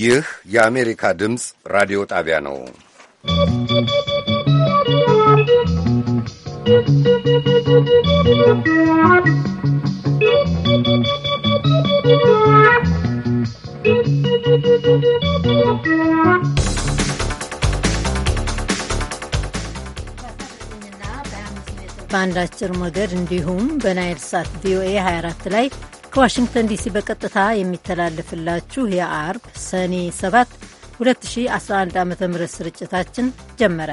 ይህ የአሜሪካ ድምፅ ራዲዮ ጣቢያ ነው። በአንድ አጭር ሞገድ እንዲሁም በናይል ሳት ቪኦኤ 24 ላይ ከዋሽንግተን ዲሲ በቀጥታ የሚተላለፍላችሁ የአርብ ሰኔ 7 2011 ዓ ም ስርጭታችን ጀመረ።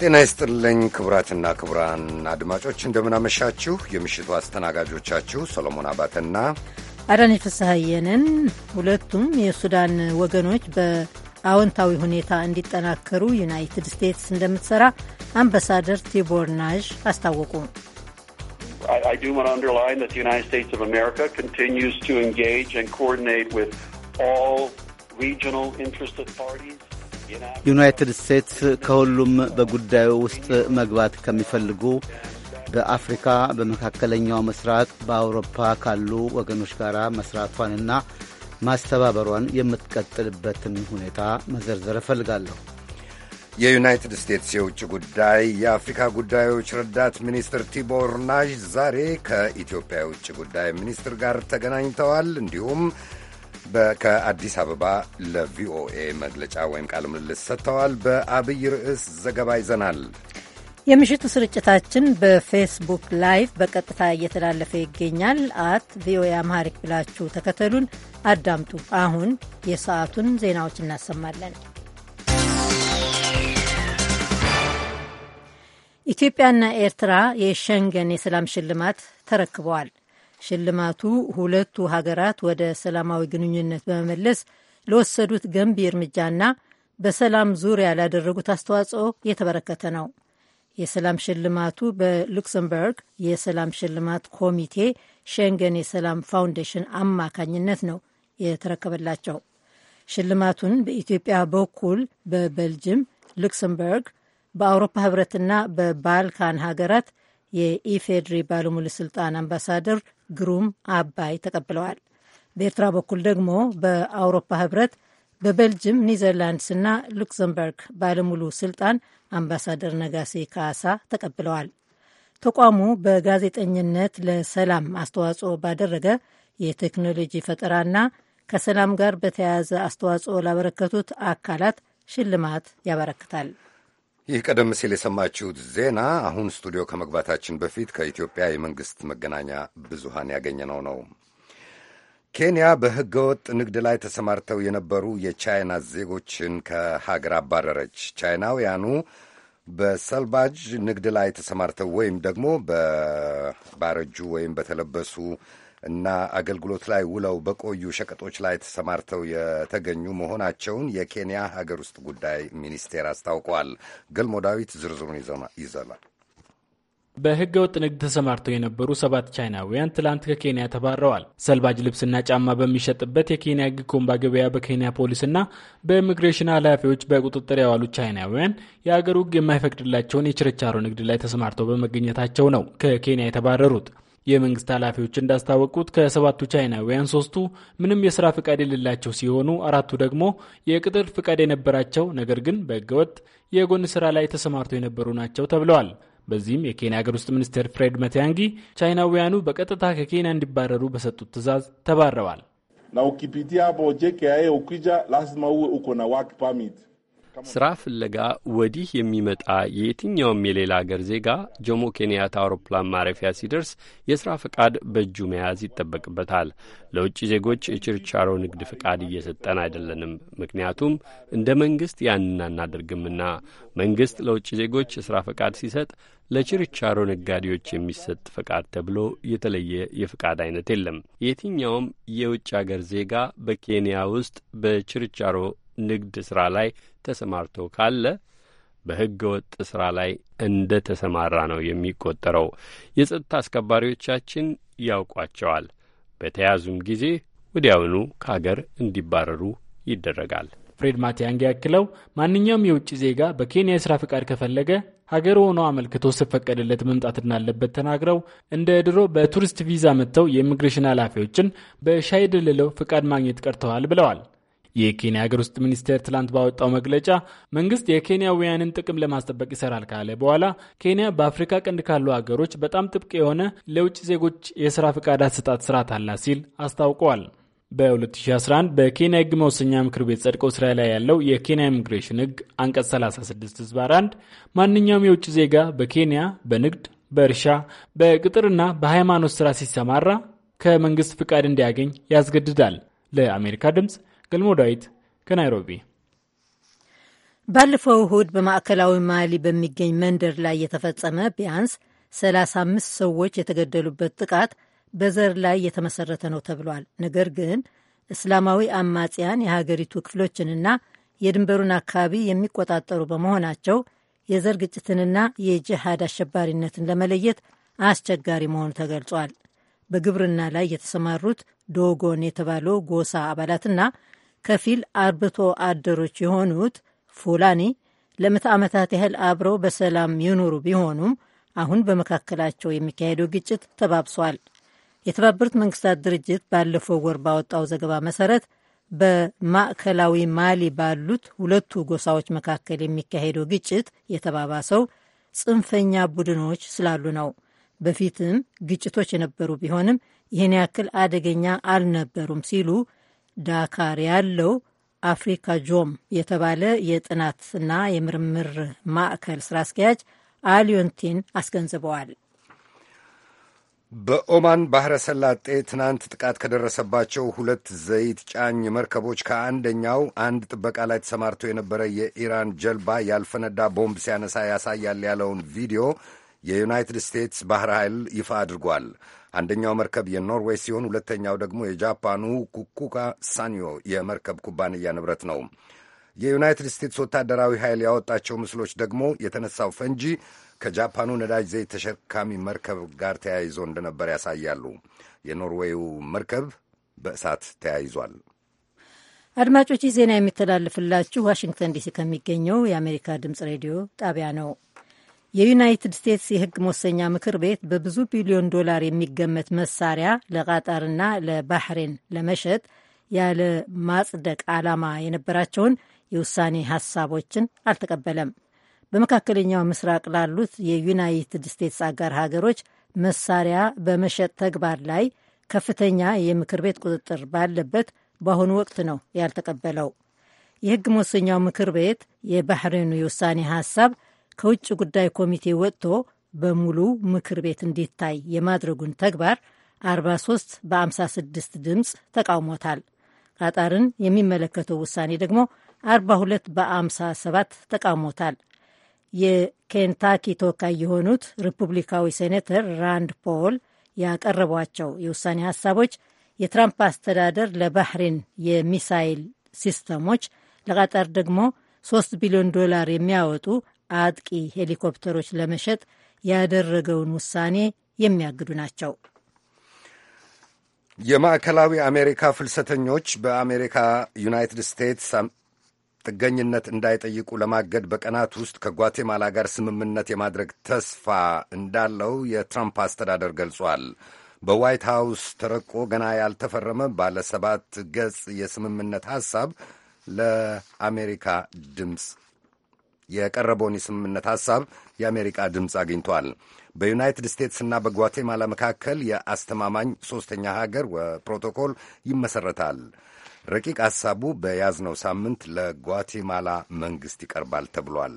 ጤና ይስጥልኝ ክቡራትና ክቡራን አድማጮች እንደምናመሻችሁ። የምሽቱ አስተናጋጆቻችሁ ሰሎሞን አባተና አዳነች ፍስሐየንን። ሁለቱም የሱዳን ወገኖች በአዎንታዊ ሁኔታ እንዲጠናከሩ ዩናይትድ ስቴትስ እንደምትሰራ አምባሳደር ቲቦር ናዥ አስታወቁ። I, I do want to underline that the United States of America continues to engage and coordinate with all regional interested parties. ዩናይትድ ስቴትስ ከሁሉም በጉዳዩ ውስጥ መግባት ከሚፈልጉ በአፍሪካ፣ በመካከለኛው ምስራቅ፣ በአውሮፓ ካሉ ወገኖች ጋር መስራቷንና ማስተባበሯን የምትቀጥልበትን ሁኔታ መዘርዘር እፈልጋለሁ። የዩናይትድ ስቴትስ የውጭ ጉዳይ የአፍሪካ ጉዳዮች ረዳት ሚኒስትር ቲቦር ናዥ ዛሬ ከኢትዮጵያ የውጭ ጉዳይ ሚኒስትር ጋር ተገናኝተዋል። እንዲሁም ከአዲስ አበባ ለቪኦኤ መግለጫ ወይም ቃለ ምልልስ ሰጥተዋል። በአብይ ርዕስ ዘገባ ይዘናል። የምሽቱ ስርጭታችን በፌስቡክ ላይቭ በቀጥታ እየተላለፈ ይገኛል። አት ቪኦኤ አምሃሪክ ብላችሁ ተከተሉን፣ አዳምጡ። አሁን የሰዓቱን ዜናዎች እናሰማለን። ኢትዮጵያና ኤርትራ የሸንገን የሰላም ሽልማት ተረክበዋል። ሽልማቱ ሁለቱ ሀገራት ወደ ሰላማዊ ግንኙነት በመመለስ ለወሰዱት ገንቢ እርምጃና በሰላም ዙሪያ ላደረጉት አስተዋጽኦ የተበረከተ ነው። የሰላም ሽልማቱ በሉክሰምበርግ የሰላም ሽልማት ኮሚቴ ሸንገን የሰላም ፋውንዴሽን አማካኝነት ነው የተረከበላቸው። ሽልማቱን በኢትዮጵያ በኩል በቤልጅም፣ ሉክሰምበርግ፣ በአውሮፓ ህብረትና በባልካን ሀገራት የኢፌድሪ ባለሙሉ ስልጣን አምባሳደር ግሩም አባይ ተቀብለዋል። በኤርትራ በኩል ደግሞ በአውሮፓ ህብረት በቤልጅም፣ ኒዘርላንድስና ሉክዘምበርግ ባለሙሉ ስልጣን አምባሳደር ነጋሴ ካሳ ተቀብለዋል። ተቋሙ በጋዜጠኝነት ለሰላም አስተዋጽኦ ባደረገ የቴክኖሎጂ ፈጠራና ከሰላም ጋር በተያያዘ አስተዋጽኦ ላበረከቱት አካላት ሽልማት ያበረክታል። ይህ ቀደም ሲል የሰማችሁት ዜና አሁን ስቱዲዮ ከመግባታችን በፊት ከኢትዮጵያ የመንግሥት መገናኛ ብዙሃን ያገኘነው ነው። ኬንያ በሕገ ወጥ ንግድ ላይ ተሰማርተው የነበሩ የቻይና ዜጎችን ከሀገር አባረረች። ቻይናውያኑ በሰልባጅ ንግድ ላይ ተሰማርተው ወይም ደግሞ በባረጁ ወይም በተለበሱ እና አገልግሎት ላይ ውለው በቆዩ ሸቀጦች ላይ ተሰማርተው የተገኙ መሆናቸውን የኬንያ ሀገር ውስጥ ጉዳይ ሚኒስቴር አስታውቋል። ገልሞ ዳዊት ዝርዝሩን ይዘናል። በህገ ወጥ ንግድ ተሰማርተው የነበሩ ሰባት ቻይናውያን ትላንት ከኬንያ ተባረዋል። ሰልባጅ ልብስና ጫማ በሚሸጥበት የኬንያ ጊኮምባ ገበያ በኬንያ ፖሊስና በኢሚግሬሽን ኃላፊዎች በቁጥጥር የዋሉት ቻይናውያን የአገሩ ህግ የማይፈቅድላቸውን የችርቻሮ ንግድ ላይ ተሰማርተው በመገኘታቸው ነው ከኬንያ የተባረሩት። የመንግስት ኃላፊዎች እንዳስታወቁት ከሰባቱ ቻይናውያን ሶስቱ ምንም የስራ ፍቃድ የሌላቸው ሲሆኑ አራቱ ደግሞ የቅጥር ፍቃድ የነበራቸው ነገር ግን በህገወጥ የጎን ስራ ላይ ተሰማርተው የነበሩ ናቸው ተብለዋል። በዚህም የኬንያ ሀገር ውስጥ ሚኒስቴር ፍሬድ መቲያንጊ ቻይናውያኑ በቀጥታ ከኬንያ እንዲባረሩ በሰጡት ትዕዛዝ ተባረዋል። na ukipitia hapo jeke e ukija lazima uwe uko na work permit ስራ ፍለጋ ወዲህ የሚመጣ የየትኛውም የሌላ አገር ዜጋ ጆሞ ኬንያታ አውሮፕላን ማረፊያ ሲደርስ የስራ ፈቃድ በእጁ መያዝ ይጠበቅበታል። ለውጭ ዜጎች የችርቻሮ ንግድ ፈቃድ እየሰጠን አይደለንም፣ ምክንያቱም እንደ መንግስት ያንን አናደርግምና። መንግስት ለውጭ ዜጎች የስራ ፈቃድ ሲሰጥ ለችርቻሮ ነጋዴዎች የሚሰጥ ፈቃድ ተብሎ የተለየ የፈቃድ አይነት የለም። የትኛውም የውጭ አገር ዜጋ በኬንያ ውስጥ በችርቻሮ ንግድ ስራ ላይ ተሰማርቶ ካለ በሕገ ወጥ ስራ ላይ እንደ ተሰማራ ነው የሚቆጠረው። የጸጥታ አስከባሪዎቻችን ያውቋቸዋል። በተያዙም ጊዜ ወዲያውኑ ከአገር እንዲባረሩ ይደረጋል። ፍሬድ ማቲያንግ ያክለው ማንኛውም የውጭ ዜጋ በኬንያ የስራ ፍቃድ ከፈለገ ሀገር ሆኖ አመልክቶ ስፈቀድለት መምጣት እንዳለበት ተናግረው እንደ ድሮ በቱሪስት ቪዛ መጥተው የኢሚግሬሽን ኃላፊዎችን በሻይ ደልለው ፍቃድ ማግኘት ቀርተዋል ብለዋል። የኬንያ ሀገር ውስጥ ሚኒስቴር ትላንት ባወጣው መግለጫ መንግስት የኬንያውያንን ጥቅም ለማስጠበቅ ይሰራል ካለ በኋላ ኬንያ በአፍሪካ ቀንድ ካሉ ሀገሮች በጣም ጥብቅ የሆነ ለውጭ ዜጎች የስራ ፈቃድ አሰጣጥ ስርዓት አላት ሲል አስታውቀዋል። በ2011 በኬንያ ህግ መወሰኛ ምክር ቤት ጸድቆ ስራ ላይ ያለው የኬንያ ኢሚግሬሽን ህግ አንቀጽ 36 ህዝባር 1 ማንኛውም የውጭ ዜጋ በኬንያ በንግድ፣ በእርሻ፣ በቅጥርና በሃይማኖት ስራ ሲሰማራ ከመንግስት ፍቃድ እንዲያገኝ ያስገድዳል። ለአሜሪካ ድምፅ ገልሞ ዳዊት ከናይሮቢ ባለፈው እሁድ በማዕከላዊ ማሊ በሚገኝ መንደር ላይ የተፈጸመ ቢያንስ 35 ሰዎች የተገደሉበት ጥቃት በዘር ላይ የተመሰረተ ነው ተብሏል። ነገር ግን እስላማዊ አማጽያን የሀገሪቱ ክፍሎችንና የድንበሩን አካባቢ የሚቆጣጠሩ በመሆናቸው የዘር ግጭትንና የጅሃድ አሸባሪነትን ለመለየት አስቸጋሪ መሆኑ ተገልጿል። በግብርና ላይ የተሰማሩት ዶጎን የተባለው ጎሳ አባላትና ከፊል አርብቶ አደሮች የሆኑት ፉላኒ ለምት ዓመታት ያህል አብረው በሰላም የኖሩ ቢሆኑም አሁን በመካከላቸው የሚካሄደው ግጭት ተባብሷል። የተባበሩት መንግስታት ድርጅት ባለፈው ወር ባወጣው ዘገባ መሰረት በማዕከላዊ ማሊ ባሉት ሁለቱ ጎሳዎች መካከል የሚካሄደው ግጭት የተባባሰው ጽንፈኛ ቡድኖች ስላሉ ነው። በፊትም ግጭቶች የነበሩ ቢሆንም ይህን ያክል አደገኛ አልነበሩም ሲሉ ዳካር ያለው አፍሪካ ጆም የተባለ የጥናትና የምርምር ማዕከል ስራ አስኪያጅ አሊዮንቲን አስገንዝበዋል። በኦማን ባሕረ ሰላጤ ትናንት ጥቃት ከደረሰባቸው ሁለት ዘይት ጫኝ መርከቦች ከአንደኛው አንድ ጥበቃ ላይ ተሰማርቶ የነበረ የኢራን ጀልባ ያልፈነዳ ቦምብ ሲያነሳ ያሳያል ያለውን ቪዲዮ የዩናይትድ ስቴትስ ባህር ኃይል ይፋ አድርጓል። አንደኛው መርከብ የኖርዌይ ሲሆን ሁለተኛው ደግሞ የጃፓኑ ኩኩካ ሳኒዮ የመርከብ ኩባንያ ንብረት ነው። የዩናይትድ ስቴትስ ወታደራዊ ኃይል ያወጣቸው ምስሎች ደግሞ የተነሳው ፈንጂ ከጃፓኑ ነዳጅ ዘይት ተሸካሚ መርከብ ጋር ተያይዞ እንደነበር ያሳያሉ። የኖርዌዩ መርከብ በእሳት ተያይዟል። አድማጮች፣ ዜና የሚተላለፍላችሁ ዋሽንግተን ዲሲ ከሚገኘው የአሜሪካ ድምፅ ሬዲዮ ጣቢያ ነው። የዩናይትድ ስቴትስ የህግ መወሰኛ ምክር ቤት በብዙ ቢሊዮን ዶላር የሚገመት መሳሪያ ለቃጣርና ለባህሬን ለመሸጥ ያለ ማጽደቅ ዓላማ የነበራቸውን የውሳኔ ሀሳቦችን አልተቀበለም። በመካከለኛው ምስራቅ ላሉት የዩናይትድ ስቴትስ አጋር ሀገሮች መሳሪያ በመሸጥ ተግባር ላይ ከፍተኛ የምክር ቤት ቁጥጥር ባለበት በአሁኑ ወቅት ነው ያልተቀበለው። የህግ መወሰኛው ምክር ቤት የባህሬኑ የውሳኔ ሀሳብ ከውጭ ጉዳይ ኮሚቴ ወጥቶ በሙሉ ምክር ቤት እንዲታይ የማድረጉን ተግባር 43 በ56 ድምፅ ተቃውሞታል። ቃጣርን የሚመለከተው ውሳኔ ደግሞ 42 በ57 ተቃውሞታል። የኬንታኪ ተወካይ የሆኑት ሪፑብሊካዊ ሴኔተር ራንድ ፖል ያቀረቧቸው የውሳኔ ሀሳቦች የትራምፕ አስተዳደር ለባህሬን የሚሳይል ሲስተሞች፣ ለቃጣር ደግሞ 3 ቢሊዮን ዶላር የሚያወጡ አጥቂ ሄሊኮፕተሮች ለመሸጥ ያደረገውን ውሳኔ የሚያግዱ ናቸው። የማዕከላዊ አሜሪካ ፍልሰተኞች በአሜሪካ ዩናይትድ ስቴትስ ጥገኝነት እንዳይጠይቁ ለማገድ በቀናት ውስጥ ከጓቴማላ ጋር ስምምነት የማድረግ ተስፋ እንዳለው የትራምፕ አስተዳደር ገልጿል። በዋይት ሃውስ ተረቆ ገና ያልተፈረመ ባለ ሰባት ገጽ የስምምነት ሐሳብ ለአሜሪካ ድምፅ የቀረበውን የስምምነት ሐሳብ የአሜሪካ ድምፅ አግኝቷል። በዩናይትድ ስቴትስና በጓቴማላ መካከል የአስተማማኝ ሦስተኛ ሀገር ፕሮቶኮል ይመሠረታል። ረቂቅ ሐሳቡ በያዝነው ሳምንት ለጓቴማላ መንግሥት ይቀርባል ተብሏል።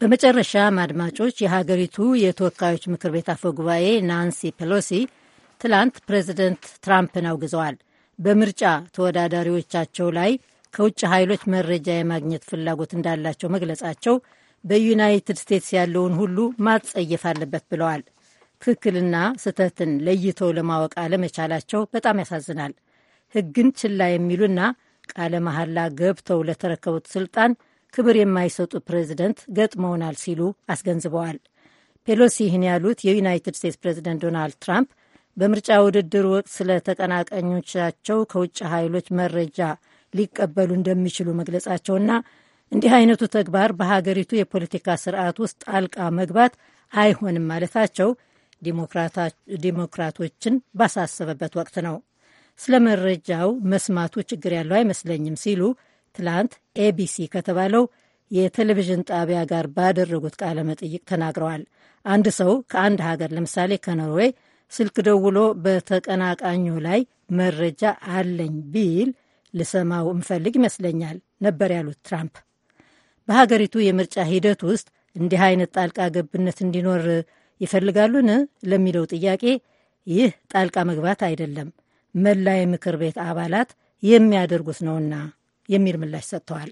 በመጨረሻም አድማጮች የሀገሪቱ የተወካዮች ምክር ቤት አፈ ጉባኤ ናንሲ ፔሎሲ ትላንት ፕሬዚደንት ትራምፕን አውግዘዋል። በምርጫ ተወዳዳሪዎቻቸው ላይ ከውጭ ኃይሎች መረጃ የማግኘት ፍላጎት እንዳላቸው መግለጻቸው በዩናይትድ ስቴትስ ያለውን ሁሉ ማጸየፍ አለበት ብለዋል። ትክክልና ስህተትን ለይቶ ለማወቅ አለመቻላቸው በጣም ያሳዝናል። ሕግን ችላ የሚሉና ቃለ መሐላ ገብተው ለተረከቡት ስልጣን ክብር የማይሰጡ ፕሬዚደንት ገጥመውናል ሲሉ አስገንዝበዋል። ፔሎሲ ይህን ያሉት የዩናይትድ ስቴትስ ፕሬዚደንት ዶናልድ ትራምፕ በምርጫ ውድድር ወቅት ስለ ተቀናቃኞቻቸው ከውጭ ኃይሎች መረጃ ሊቀበሉ እንደሚችሉ መግለጻቸውና እንዲህ አይነቱ ተግባር በሀገሪቱ የፖለቲካ ስርዓት ውስጥ ጣልቃ መግባት አይሆንም ማለታቸው ዲሞክራቶችን ባሳሰበበት ወቅት ነው። ስለ መረጃው መስማቱ ችግር ያለው አይመስለኝም ሲሉ ትላንት ኤቢሲ ከተባለው የቴሌቪዥን ጣቢያ ጋር ባደረጉት ቃለ መጠይቅ ተናግረዋል። አንድ ሰው ከአንድ ሀገር ለምሳሌ ከኖርዌይ ስልክ ደውሎ በተቀናቃኙ ላይ መረጃ አለኝ ቢል ልሰማው እምፈልግ ይመስለኛል ነበር ያሉት ትራምፕ። በሀገሪቱ የምርጫ ሂደት ውስጥ እንዲህ አይነት ጣልቃ ገብነት እንዲኖር ይፈልጋሉን ለሚለው ጥያቄ ይህ ጣልቃ መግባት አይደለም፣ መላ የምክር ቤት አባላት የሚያደርጉት ነውና የሚል ምላሽ ሰጥተዋል።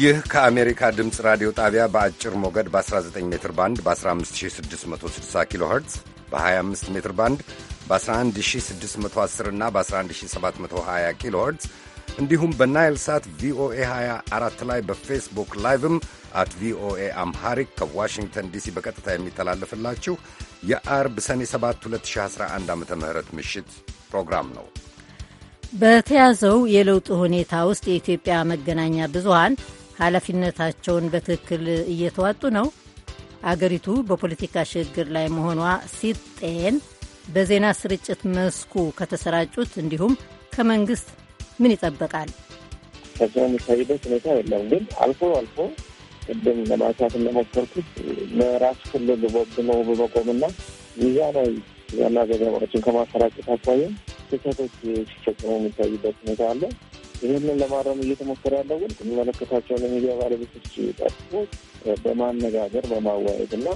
ይህ ከአሜሪካ ድምፅ ራዲዮ ጣቢያ በአጭር ሞገድ በ19 ሜትር ባንድ በ15660 ኪሎ ኸርትዝ በ25 ሜትር ባንድ በ11610 እና በ11720 ኪሎ ኸርትዝ እንዲሁም በናይል ሳት ቪኦኤ 24 ላይ በፌስቡክ ላይቭም አት ቪኦኤ አምሃሪክ ከዋሽንግተን ዲሲ በቀጥታ የሚተላለፍላችሁ የአርብ ሰኔ 7 2011 ዓ ም ምሽት ፕሮግራም ነው። በተያዘው የለውጥ ሁኔታ ውስጥ የኢትዮጵያ መገናኛ ብዙሃን ኃላፊነታቸውን በትክክል እየተዋጡ ነው? አገሪቱ በፖለቲካ ሽግግር ላይ መሆኗ ሲጤን በዜና ስርጭት መስኩ ከተሰራጩት እንዲሁም ከመንግስት ምን ይጠበቃል? ከዚ የሚታይበት ሁኔታ የለም። ግን አልፎ አልፎ ቅድም ለማንሳት እንደሞከርኩት ለራሱ ክልል ወግነው በመቆምና ሚዛናዊ ዜና ዘገባዎችን ከማሰራጨት አኳያ ስህተቶች ሲፈጽሙ የሚታይበት ሁኔታ አለ። ይህንን ለማረም እየተሞከረ ያለው ግን የሚመለከታቸውን የሚዲያ ባለቤቶች ጠርቶ በማነጋገር በማዋየት እና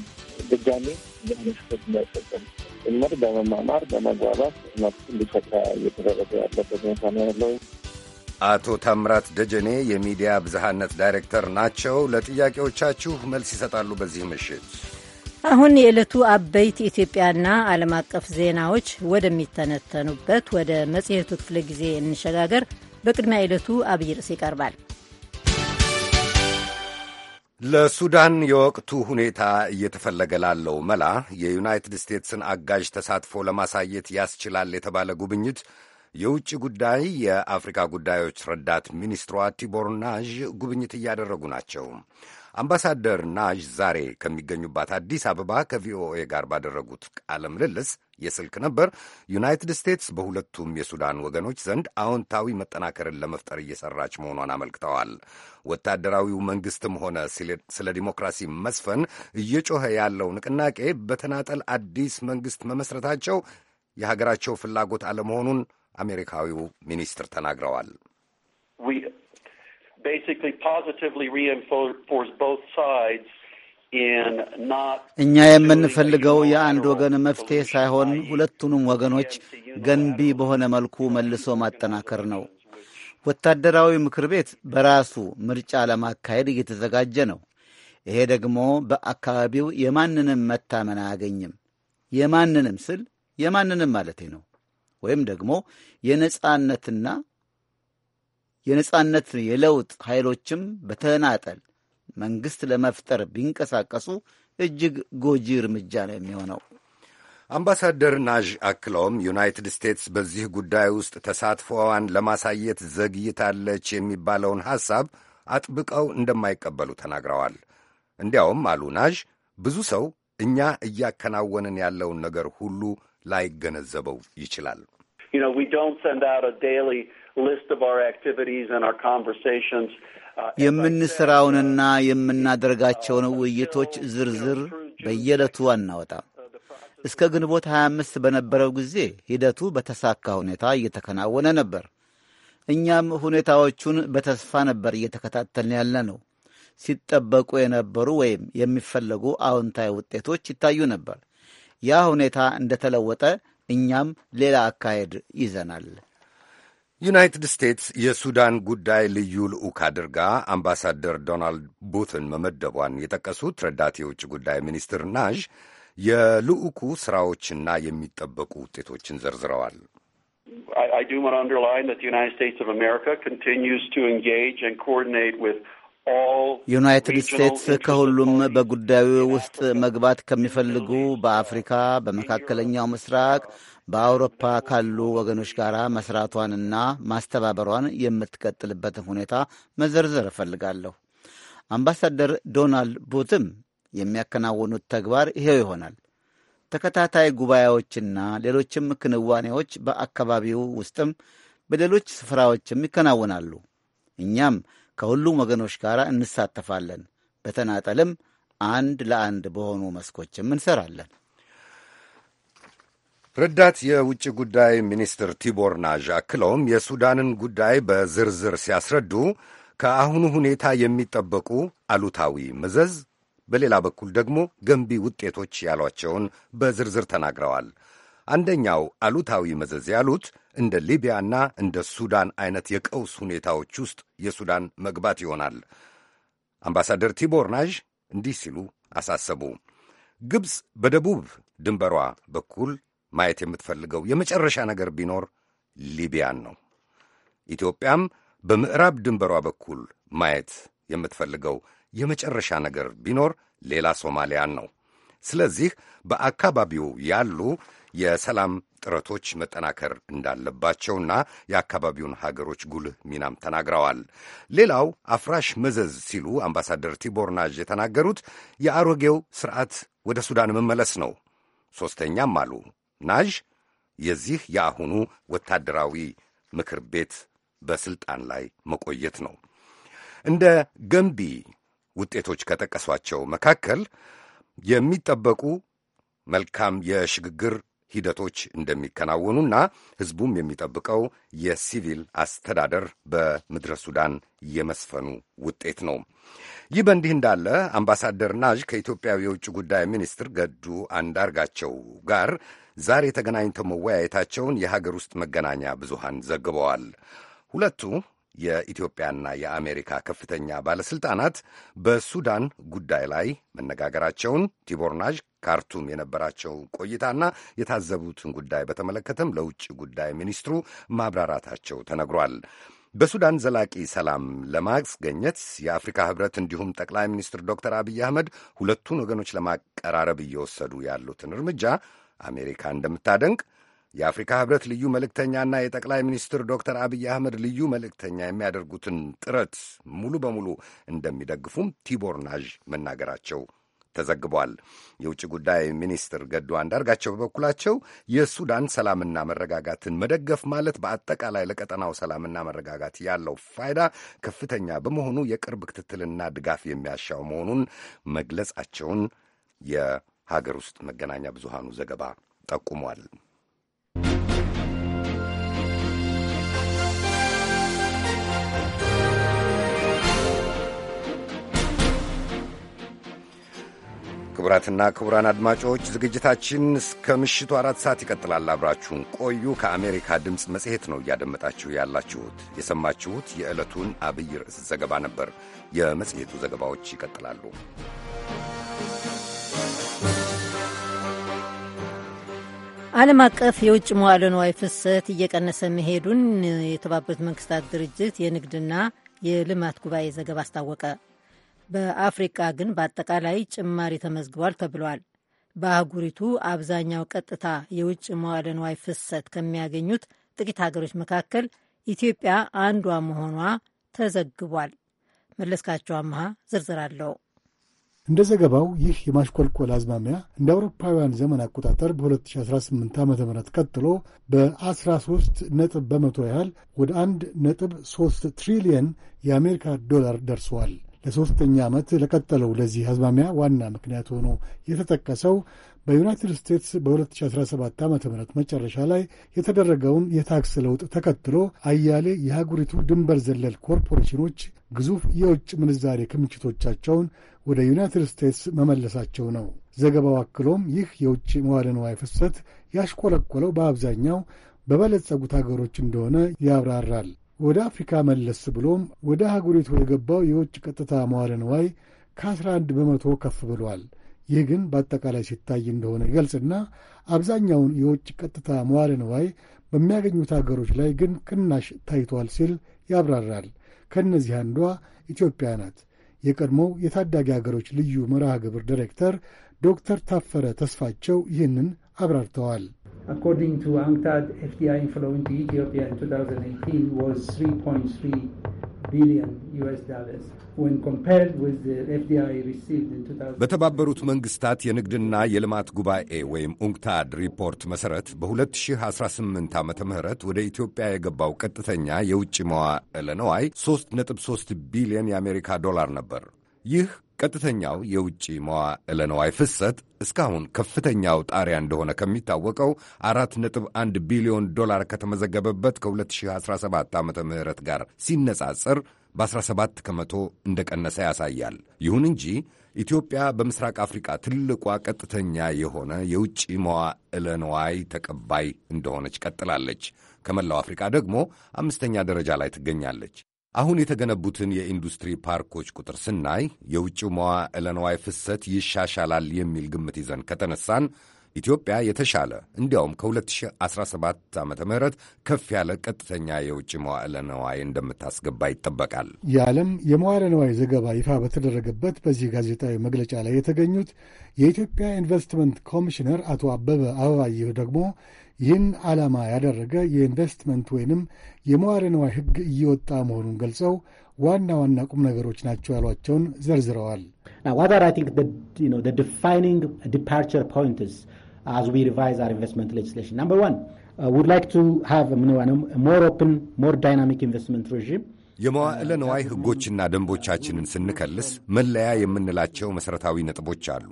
ድጋሚ ለሚስት እንዳይፈጸም ጭምር በመማማር በመግባባት መብት እንዲፈታ እየተደረገ ያለበት ሁኔታ ነው ያለው። አቶ ታምራት ደጀኔ የሚዲያ ብዝሃነት ዳይሬክተር ናቸው። ለጥያቄዎቻችሁ መልስ ይሰጣሉ በዚህ ምሽት። አሁን የዕለቱ አበይት ኢትዮጵያና ዓለም አቀፍ ዜናዎች ወደሚተነተኑበት ወደ መጽሔቱ ክፍለ ጊዜ እንሸጋገር። በቅድሚያ ሂደቱ አብይ ርዕስ ይቀርባል። ለሱዳን የወቅቱ ሁኔታ እየተፈለገ ላለው መላ የዩናይትድ ስቴትስን አጋዥ ተሳትፎ ለማሳየት ያስችላል የተባለ ጉብኝት የውጭ ጉዳይ የአፍሪካ ጉዳዮች ረዳት ሚኒስትሯ ቲቦር ናዥ ጉብኝት እያደረጉ ናቸው። አምባሳደር ናዥ ዛሬ ከሚገኙባት አዲስ አበባ ከቪኦኤ ጋር ባደረጉት ቃለ ምልልስ የስልክ ነበር። ዩናይትድ ስቴትስ በሁለቱም የሱዳን ወገኖች ዘንድ አዎንታዊ መጠናከርን ለመፍጠር እየሰራች መሆኗን አመልክተዋል። ወታደራዊው መንግስትም ሆነ ስለ ዲሞክራሲ መስፈን እየጮኸ ያለው ንቅናቄ በተናጠል አዲስ መንግስት መመስረታቸው የሀገራቸው ፍላጎት አለመሆኑን አሜሪካዊው ሚኒስትር ተናግረዋል። basically positively reinforce both sides እኛ የምንፈልገው የአንድ ወገን መፍትሄ ሳይሆን ሁለቱንም ወገኖች ገንቢ በሆነ መልኩ መልሶ ማጠናከር ነው። ወታደራዊ ምክር ቤት በራሱ ምርጫ ለማካሄድ እየተዘጋጀ ነው። ይሄ ደግሞ በአካባቢው የማንንም መታመን አያገኝም። የማንንም ስል የማንንም ማለቴ ነው። ወይም ደግሞ የነጻነትና የነጻነት የለውጥ ኃይሎችም በተናጠል መንግሥት ለመፍጠር ቢንቀሳቀሱ እጅግ ጎጂ እርምጃ ነው የሚሆነው። አምባሳደር ናዥ አክለውም ዩናይትድ ስቴትስ በዚህ ጉዳይ ውስጥ ተሳትፎዋን ለማሳየት ዘግይታለች የሚባለውን ሐሳብ አጥብቀው እንደማይቀበሉ ተናግረዋል። እንዲያውም አሉ ናዥ፣ ብዙ ሰው እኛ እያከናወንን ያለውን ነገር ሁሉ ላይገነዘበው ይችላል። you know we don't send out a daily list of our activities and our conversations የምንሠራውንና የምናደርጋቸውን ውይይቶች ዝርዝር በየዕለቱ አናወጣም። እስከ ግንቦት 25 በነበረው ጊዜ ሂደቱ በተሳካ ሁኔታ እየተከናወነ ነበር። እኛም ሁኔታዎቹን በተስፋ ነበር እየተከታተልን ያለ ነው። ሲጠበቁ የነበሩ ወይም የሚፈለጉ አዎንታዊ ውጤቶች ይታዩ ነበር። ያ ሁኔታ እንደተለወጠ እኛም ሌላ አካሄድ ይዘናል። ዩናይትድ ስቴትስ የሱዳን ጉዳይ ልዩ ልዑክ አድርጋ አምባሳደር ዶናልድ ቡትን መመደቧን የጠቀሱት ረዳት የውጭ ጉዳይ ሚኒስትር ናዥ የልዑኩ ስራዎችና የሚጠበቁ ውጤቶችን ዘርዝረዋል። ዩናይትድ ስቴትስ ከሁሉም በጉዳዩ ውስጥ መግባት ከሚፈልጉ በአፍሪካ፣ በመካከለኛው ምስራቅ፣ በአውሮፓ ካሉ ወገኖች ጋር መስራቷንና ማስተባበሯን የምትቀጥልበትን ሁኔታ መዘርዘር እፈልጋለሁ። አምባሳደር ዶናልድ ቡትም የሚያከናውኑት ተግባር ይሄው ይሆናል። ተከታታይ ጉባኤዎችና ሌሎችም ክንዋኔዎች በአካባቢው ውስጥም በሌሎች ስፍራዎችም ይከናወናሉ። እኛም ከሁሉም ወገኖች ጋር እንሳተፋለን። በተናጠልም አንድ ለአንድ በሆኑ መስኮችም እንሰራለን። ረዳት የውጭ ጉዳይ ሚኒስትር ቲቦር ናዥ አክለውም የሱዳንን ጉዳይ በዝርዝር ሲያስረዱ ከአሁኑ ሁኔታ የሚጠበቁ አሉታዊ መዘዝ፣ በሌላ በኩል ደግሞ ገንቢ ውጤቶች ያሏቸውን በዝርዝር ተናግረዋል። አንደኛው አሉታዊ መዘዝ ያሉት እንደ ሊቢያና እንደ ሱዳን አይነት የቀውስ ሁኔታዎች ውስጥ የሱዳን መግባት ይሆናል። አምባሳደር ቲቦር ናዥ እንዲህ ሲሉ አሳሰቡ። ግብፅ በደቡብ ድንበሯ በኩል ማየት የምትፈልገው የመጨረሻ ነገር ቢኖር ሊቢያን ነው። ኢትዮጵያም በምዕራብ ድንበሯ በኩል ማየት የምትፈልገው የመጨረሻ ነገር ቢኖር ሌላ ሶማሊያን ነው። ስለዚህ በአካባቢው ያሉ የሰላም ጥረቶች መጠናከር እንዳለባቸውና የአካባቢውን ሀገሮች ጉልህ ሚናም ተናግረዋል። ሌላው አፍራሽ መዘዝ ሲሉ አምባሳደር ቲቦር ናዥ የተናገሩት የአሮጌው ስርዓት ወደ ሱዳን መመለስ ነው። ሦስተኛም አሉ ናዥ የዚህ የአሁኑ ወታደራዊ ምክር ቤት በስልጣን ላይ መቆየት ነው። እንደ ገንቢ ውጤቶች ከጠቀሷቸው መካከል የሚጠበቁ መልካም የሽግግር ሂደቶች እንደሚከናወኑና ሕዝቡም የሚጠብቀው የሲቪል አስተዳደር በምድረ ሱዳን የመስፈኑ ውጤት ነው። ይህ በእንዲህ እንዳለ አምባሳደር ናዥ ከኢትዮጵያ የውጭ ጉዳይ ሚኒስትር ገዱ አንዳርጋቸው ጋር ዛሬ ተገናኝተው መወያየታቸውን የሀገር ውስጥ መገናኛ ብዙሃን ዘግበዋል። ሁለቱ የኢትዮጵያና የአሜሪካ ከፍተኛ ባለሥልጣናት በሱዳን ጉዳይ ላይ መነጋገራቸውን ቲቦርናዥ ካርቱም የነበራቸው ቆይታና የታዘቡትን ጉዳይ በተመለከተም ለውጭ ጉዳይ ሚኒስትሩ ማብራራታቸው ተነግሯል። በሱዳን ዘላቂ ሰላም ለማስገኘት የአፍሪካ ህብረት እንዲሁም ጠቅላይ ሚኒስትር ዶክተር አብይ አህመድ ሁለቱን ወገኖች ለማቀራረብ እየወሰዱ ያሉትን እርምጃ አሜሪካ እንደምታደንቅ የአፍሪካ ህብረት ልዩ መልእክተኛና የጠቅላይ ሚኒስትር ዶክተር አብይ አህመድ ልዩ መልእክተኛ የሚያደርጉትን ጥረት ሙሉ በሙሉ እንደሚደግፉም ቲቦር ናዥ መናገራቸው ተዘግቧል። የውጭ ጉዳይ ሚኒስትር ገዱ አንዳርጋቸው በበኩላቸው የሱዳን ሰላምና መረጋጋትን መደገፍ ማለት በአጠቃላይ ለቀጠናው ሰላምና መረጋጋት ያለው ፋይዳ ከፍተኛ በመሆኑ የቅርብ ክትትልና ድጋፍ የሚያሻው መሆኑን መግለጻቸውን የሀገር ውስጥ መገናኛ ብዙሃኑ ዘገባ ጠቁሟል። ክቡራትና ክቡራን አድማጮች ዝግጅታችን እስከ ምሽቱ አራት ሰዓት ይቀጥላል። አብራችሁን ቆዩ። ከአሜሪካ ድምፅ መጽሔት ነው እያደመጣችሁ ያላችሁት። የሰማችሁት የዕለቱን አብይ ርዕስ ዘገባ ነበር። የመጽሔቱ ዘገባዎች ይቀጥላሉ። ዓለም አቀፍ የውጭ መዋለ ንዋይ ፍሰት እየቀነሰ መሄዱን የተባበሩት መንግስታት ድርጅት የንግድና የልማት ጉባኤ ዘገባ አስታወቀ። በአፍሪቃ ግን በአጠቃላይ ጭማሪ ተመዝግቧል ተብሏል። በአህጉሪቱ አብዛኛው ቀጥታ የውጭ መዋለ ንዋይ ፍሰት ከሚያገኙት ጥቂት ሀገሮች መካከል ኢትዮጵያ አንዷ መሆኗ ተዘግቧል። መለስካቸው አመሃ ዝርዝር አለው። እንደ ዘገባው ይህ የማሽቆልቆል አዝማሚያ እንደ አውሮፓውያን ዘመን አቆጣጠር በ2018 ዓ ም ቀጥሎ በ13 ነጥብ በመቶ ያህል ወደ 1 ነጥብ 3 ትሪሊየን የአሜሪካ ዶላር ደርሰዋል። ለሶስተኛ ዓመት ለቀጠለው ለዚህ አዝማሚያ ዋና ምክንያት ሆኖ የተጠቀሰው በዩናይትድ ስቴትስ በ2017 ዓ ም መጨረሻ ላይ የተደረገውን የታክስ ለውጥ ተከትሎ አያሌ የሀጉሪቱ ድንበር ዘለል ኮርፖሬሽኖች ግዙፍ የውጭ ምንዛሬ ክምችቶቻቸውን ወደ ዩናይትድ ስቴትስ መመለሳቸው ነው። ዘገባው አክሎም ይህ የውጭ መዋለ ንዋይ ፍሰት ያሽቆለቆለው በአብዛኛው በበለጸጉት ሀገሮች እንደሆነ ያብራራል። ወደ አፍሪካ መለስ ብሎም ወደ አህጉሪቱ የገባው የውጭ ቀጥታ መዋለ ንዋይ ከ11 በመቶ ከፍ ብሏል። ይህ ግን በአጠቃላይ ሲታይ እንደሆነ ይገልጽና አብዛኛውን የውጭ ቀጥታ መዋለ ንዋይ በሚያገኙት ሀገሮች ላይ ግን ቅናሽ ታይቷል ሲል ያብራራል። ከእነዚህ አንዷ ኢትዮጵያ ናት። የቀድሞው የታዳጊ ሀገሮች ልዩ መርሃ ግብር ዲሬክተር ዶክተር ታፈረ ተስፋቸው ይህንን አብራርተዋል። በተባበሩት መንግሥታት የንግድና የልማት ጉባኤ ወይም ኡንክታድ ሪፖርት መሠረት በ2018 ዓ ም ወደ ኢትዮጵያ የገባው ቀጥተኛ የውጭ መዋዕለ ነዋይ 3.3 ቢሊዮን የአሜሪካ ዶላር ነበር። ይህ ቀጥተኛው የውጭ መዋዕለ ነዋይ ፍሰት እስካሁን ከፍተኛው ጣሪያ እንደሆነ ከሚታወቀው 4.1 ቢሊዮን ዶላር ከተመዘገበበት ከ2017 ዓ ም ጋር ሲነጻጸር በ17 ከመቶ እንደቀነሰ ያሳያል። ይሁን እንጂ ኢትዮጵያ በምስራቅ አፍሪቃ ትልቋ ቀጥተኛ የሆነ የውጭ መዋዕለ ነዋይ ተቀባይ እንደሆነች ቀጥላለች። ከመላው አፍሪቃ ደግሞ አምስተኛ ደረጃ ላይ ትገኛለች። አሁን የተገነቡትን የኢንዱስትሪ ፓርኮች ቁጥር ስናይ የውጭው መዋዕለ ንዋይ ፍሰት ይሻሻላል የሚል ግምት ይዘን ከተነሳን ኢትዮጵያ የተሻለ እንዲያውም ከ2017 ዓ ም ከፍ ያለ ቀጥተኛ የውጭ መዋዕለ ነዋይ እንደምታስገባ ይጠበቃል። የዓለም የመዋዕለ ነዋይ ዘገባ ይፋ በተደረገበት በዚህ ጋዜጣዊ መግለጫ ላይ የተገኙት የኢትዮጵያ ኢንቨስትመንት ኮሚሽነር አቶ አበበ አበባየሁ ደግሞ ይህን ዓላማ ያደረገ የኢንቨስትመንት ወይንም የመዋለ ንዋይ ሕግ እየወጣ መሆኑን ገልጸው ዋና ዋና ቁም ነገሮች ናቸው ያሏቸውን ዘርዝረዋል። የመዋዕለ ነዋይ ሕጎችና ደንቦቻችንን ስንከልስ መለያ የምንላቸው መሠረታዊ ነጥቦች አሉ።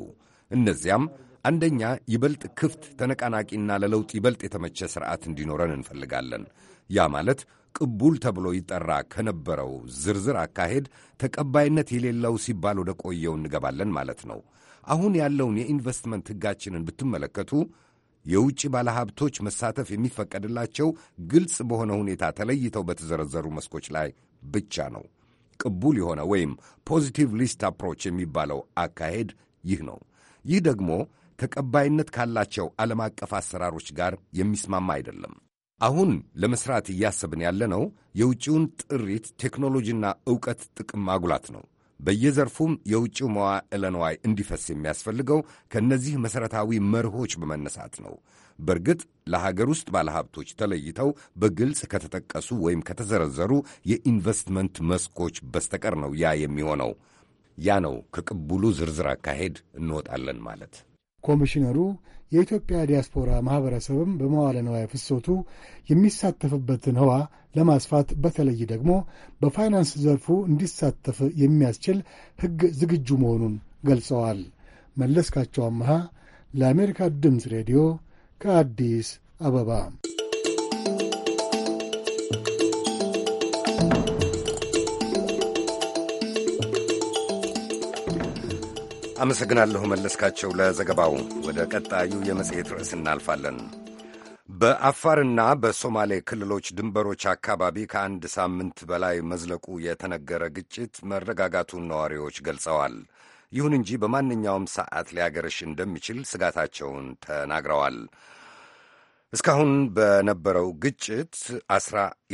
እነዚያም አንደኛ ይበልጥ ክፍት ተነቃናቂና ለለውጥ ይበልጥ የተመቸ ስርዓት እንዲኖረን እንፈልጋለን። ያ ማለት ቅቡል ተብሎ ይጠራ ከነበረው ዝርዝር አካሄድ ተቀባይነት የሌለው ሲባል ወደ ቆየው እንገባለን ማለት ነው። አሁን ያለውን የኢንቨስትመንት ሕጋችንን ብትመለከቱ የውጭ ባለሀብቶች መሳተፍ የሚፈቀድላቸው ግልጽ በሆነ ሁኔታ ተለይተው በተዘረዘሩ መስኮች ላይ ብቻ ነው። ቅቡል የሆነ ወይም ፖዚቲቭ ሊስት አፕሮች የሚባለው አካሄድ ይህ ነው። ይህ ደግሞ ተቀባይነት ካላቸው ዓለም አቀፍ አሰራሮች ጋር የሚስማማ አይደለም። አሁን ለመስራት እያሰብን ያለነው የውጭውን ጥሪት ቴክኖሎጂና ዕውቀት ጥቅም ማጉላት ነው። በየዘርፉም የውጭው መዋዕለ ንዋይ እንዲፈስ የሚያስፈልገው ከእነዚህ መሠረታዊ መርሆች በመነሳት ነው። በእርግጥ ለሀገር ውስጥ ባለሀብቶች ተለይተው በግልጽ ከተጠቀሱ ወይም ከተዘረዘሩ የኢንቨስትመንት መስኮች በስተቀር ነው ያ የሚሆነው። ያ ነው ከቅቡሉ ዝርዝር አካሄድ እንወጣለን ማለት። ኮሚሽነሩ የኢትዮጵያ ዲያስፖራ ማኅበረሰብም በመዋለ ነዋይ ፍሰቱ የሚሳተፍበትን ህዋ ለማስፋት በተለይ ደግሞ በፋይናንስ ዘርፉ እንዲሳተፍ የሚያስችል ሕግ ዝግጁ መሆኑን ገልጸዋል። መለስካቸው አመሃ ለአሜሪካ ድምፅ ሬዲዮ ከአዲስ አበባ አመሰግናለሁ መለስካቸው ለዘገባው። ወደ ቀጣዩ የመጽሔት ርዕስ እናልፋለን። በአፋርና በሶማሌ ክልሎች ድንበሮች አካባቢ ከአንድ ሳምንት በላይ መዝለቁ የተነገረ ግጭት መረጋጋቱን ነዋሪዎች ገልጸዋል። ይሁን እንጂ በማንኛውም ሰዓት ሊያገረሽ እንደሚችል ስጋታቸውን ተናግረዋል። እስካሁን በነበረው ግጭት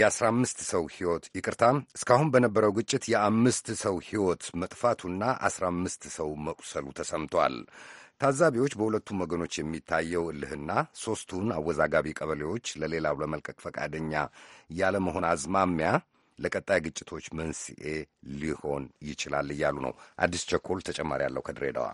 የአስራ አምስት ሰው ሕይወት ይቅርታ፣ እስካሁን በነበረው ግጭት የአምስት ሰው ሕይወት መጥፋቱና አስራ አምስት ሰው መቁሰሉ ተሰምቷል። ታዛቢዎች በሁለቱም ወገኖች የሚታየው እልህና ሦስቱን አወዛጋቢ ቀበሌዎች ለሌላው ለመልቀቅ ፈቃደኛ ያለመሆን አዝማሚያ ለቀጣይ ግጭቶች መንስኤ ሊሆን ይችላል እያሉ ነው። አዲስ ቸኮል ተጨማሪ ያለው ከድሬዳዋ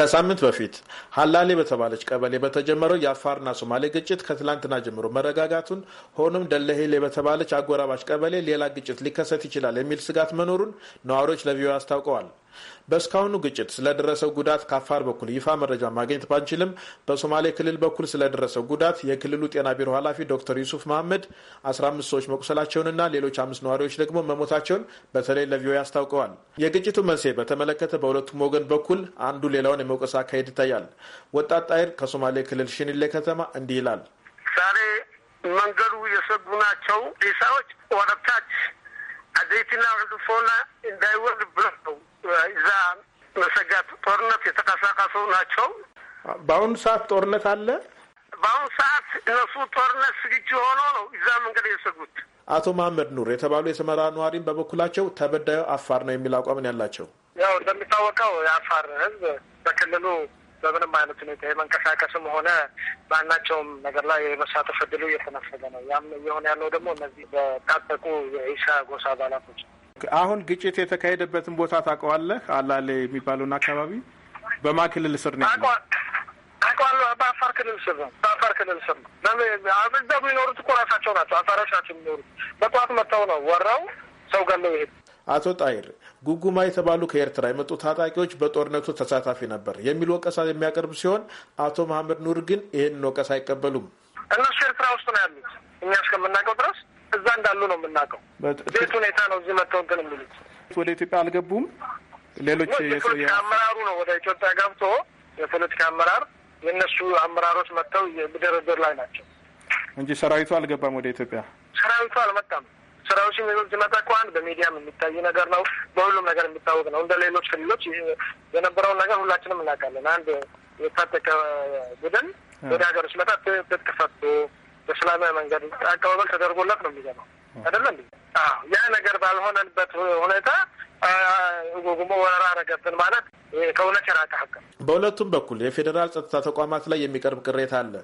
ከሳምንት በፊት ሀላሌ በተባለች ቀበሌ በተጀመረው የአፋርና ሶማሌ ግጭት ከትላንትና ጀምሮ መረጋጋቱን፣ ሆኖም ደለሄሌ በተባለች አጎራባች ቀበሌ ሌላ ግጭት ሊከሰት ይችላል የሚል ስጋት መኖሩን ነዋሪዎች ለቪኦኤ አስታውቀዋል። በእስካሁኑ ግጭት ስለደረሰው ጉዳት ከአፋር በኩል ይፋ መረጃ ማግኘት ባንችልም በሶማሌ ክልል በኩል ስለደረሰው ጉዳት የክልሉ ጤና ቢሮ ኃላፊ ዶክተር ዩሱፍ መሐመድ 15 ሰዎች መቁሰላቸውንና ሌሎች አምስት ነዋሪዎች ደግሞ መሞታቸውን በተለይ ለቪኦኤ አስታውቀዋል። የግጭቱ መንስኤ በተመለከተ በሁለቱም ወገን በኩል አንዱ ሌላውን የመውቀስ አካሄድ ይታያል። ወጣት ጣይር ከሶማሌ ክልል ሽንሌ ከተማ እንዲህ ይላል። ዛሬ መንገዱ የሰጉ ናቸው። ሬሳዎች ወረታች አዴትና ርድፎና እንዳይወርድ ብለው እዛ መሰጋት ጦርነት የተቀሳቀሱ ናቸው። በአሁኑ ሰዓት ጦርነት አለ። በአሁኑ ሰዓት እነሱ ጦርነት ዝግጁ ሆኖ ነው እዛ መንገድ የሰጉት። አቶ መሀመድ ኑር የተባሉ የሰመራ ነዋሪም በበኩላቸው ተበዳዩ አፋር ነው የሚል አቋምን ያላቸው ያው እንደሚታወቀው የአፋር ሕዝብ በክልሉ በምንም አይነት ሁኔታ የመንቀሳቀስም ሆነ ማናቸውም ነገር ላይ የመሳተፍ እድሉ እየተነፈገ ነው። ያም እየሆነ ያለው ደግሞ እነዚህ በታጠቁ የኢሳ ጎሳ አባላቶች ነው። አሁን ግጭት የተካሄደበትን ቦታ ታውቀዋለህ? አላሌ የሚባለውን አካባቢ በማ ክልል ስር ነው ያለው። አውቀዋለሁ። በአፋር ክልል ስር ነው። በአፋር ክልል ስር ነው። እዛ የሚኖሩት እኮ ራሳቸው ናቸው፣ አፋሮች ናቸው የሚኖሩት። በጠዋት መጥተው ነው ወራው ሰው ገለው ይሄድ አቶ ጣይር ጉጉማ የተባሉ ከኤርትራ የመጡ ታጣቂዎች በጦርነቱ ተሳታፊ ነበር የሚል ወቀሳ የሚያቀርብ ሲሆን አቶ መሀመድ ኑር ግን ይህንን ወቀሳ አይቀበሉም። እነሱ ኤርትራ ውስጥ ነው ያሉት እኛ እስከምናውቀው ድረስ እዛ እንዳሉ ነው የምናውቀው። ቤት ሁኔታ ነው እዚህ መጥተው እንትን የሚሉት ወደ ኢትዮጵያ አልገቡም። ሌሎች የፖለቲካ አመራሩ ነው ወደ ኢትዮጵያ ገብቶ የፖለቲካ አመራር የእነሱ አመራሮች መጥተው በድርድር ላይ ናቸው እንጂ ሰራዊቱ አልገባም ወደ ኢትዮጵያ። ሰራዊቱ አልመጣም። ስራዎች ሲመጣ እኮ አንድ በሚዲያም የሚታይ ነገር ነው፣ በሁሉም ነገር የሚታወቅ ነው። እንደ ሌሎች ክልሎች የነበረውን ነገር ሁላችንም እናውቃለን። አንድ የታጠቀ ቡድን ወደ ሀገሮች መጣ ትጥቅ ፈቶ በሰላማዊ መንገድ አቀባበል ተደርጎለት ነው የሚገባው አይደለ እንዴ? ያ ነገር ባልሆነበት ሁኔታ ወረራ ረገብን ማለት ከእውነት የራቀ ሀቅም። በሁለቱም በኩል የፌዴራል ጸጥታ ተቋማት ላይ የሚቀርብ ቅሬታ አለ።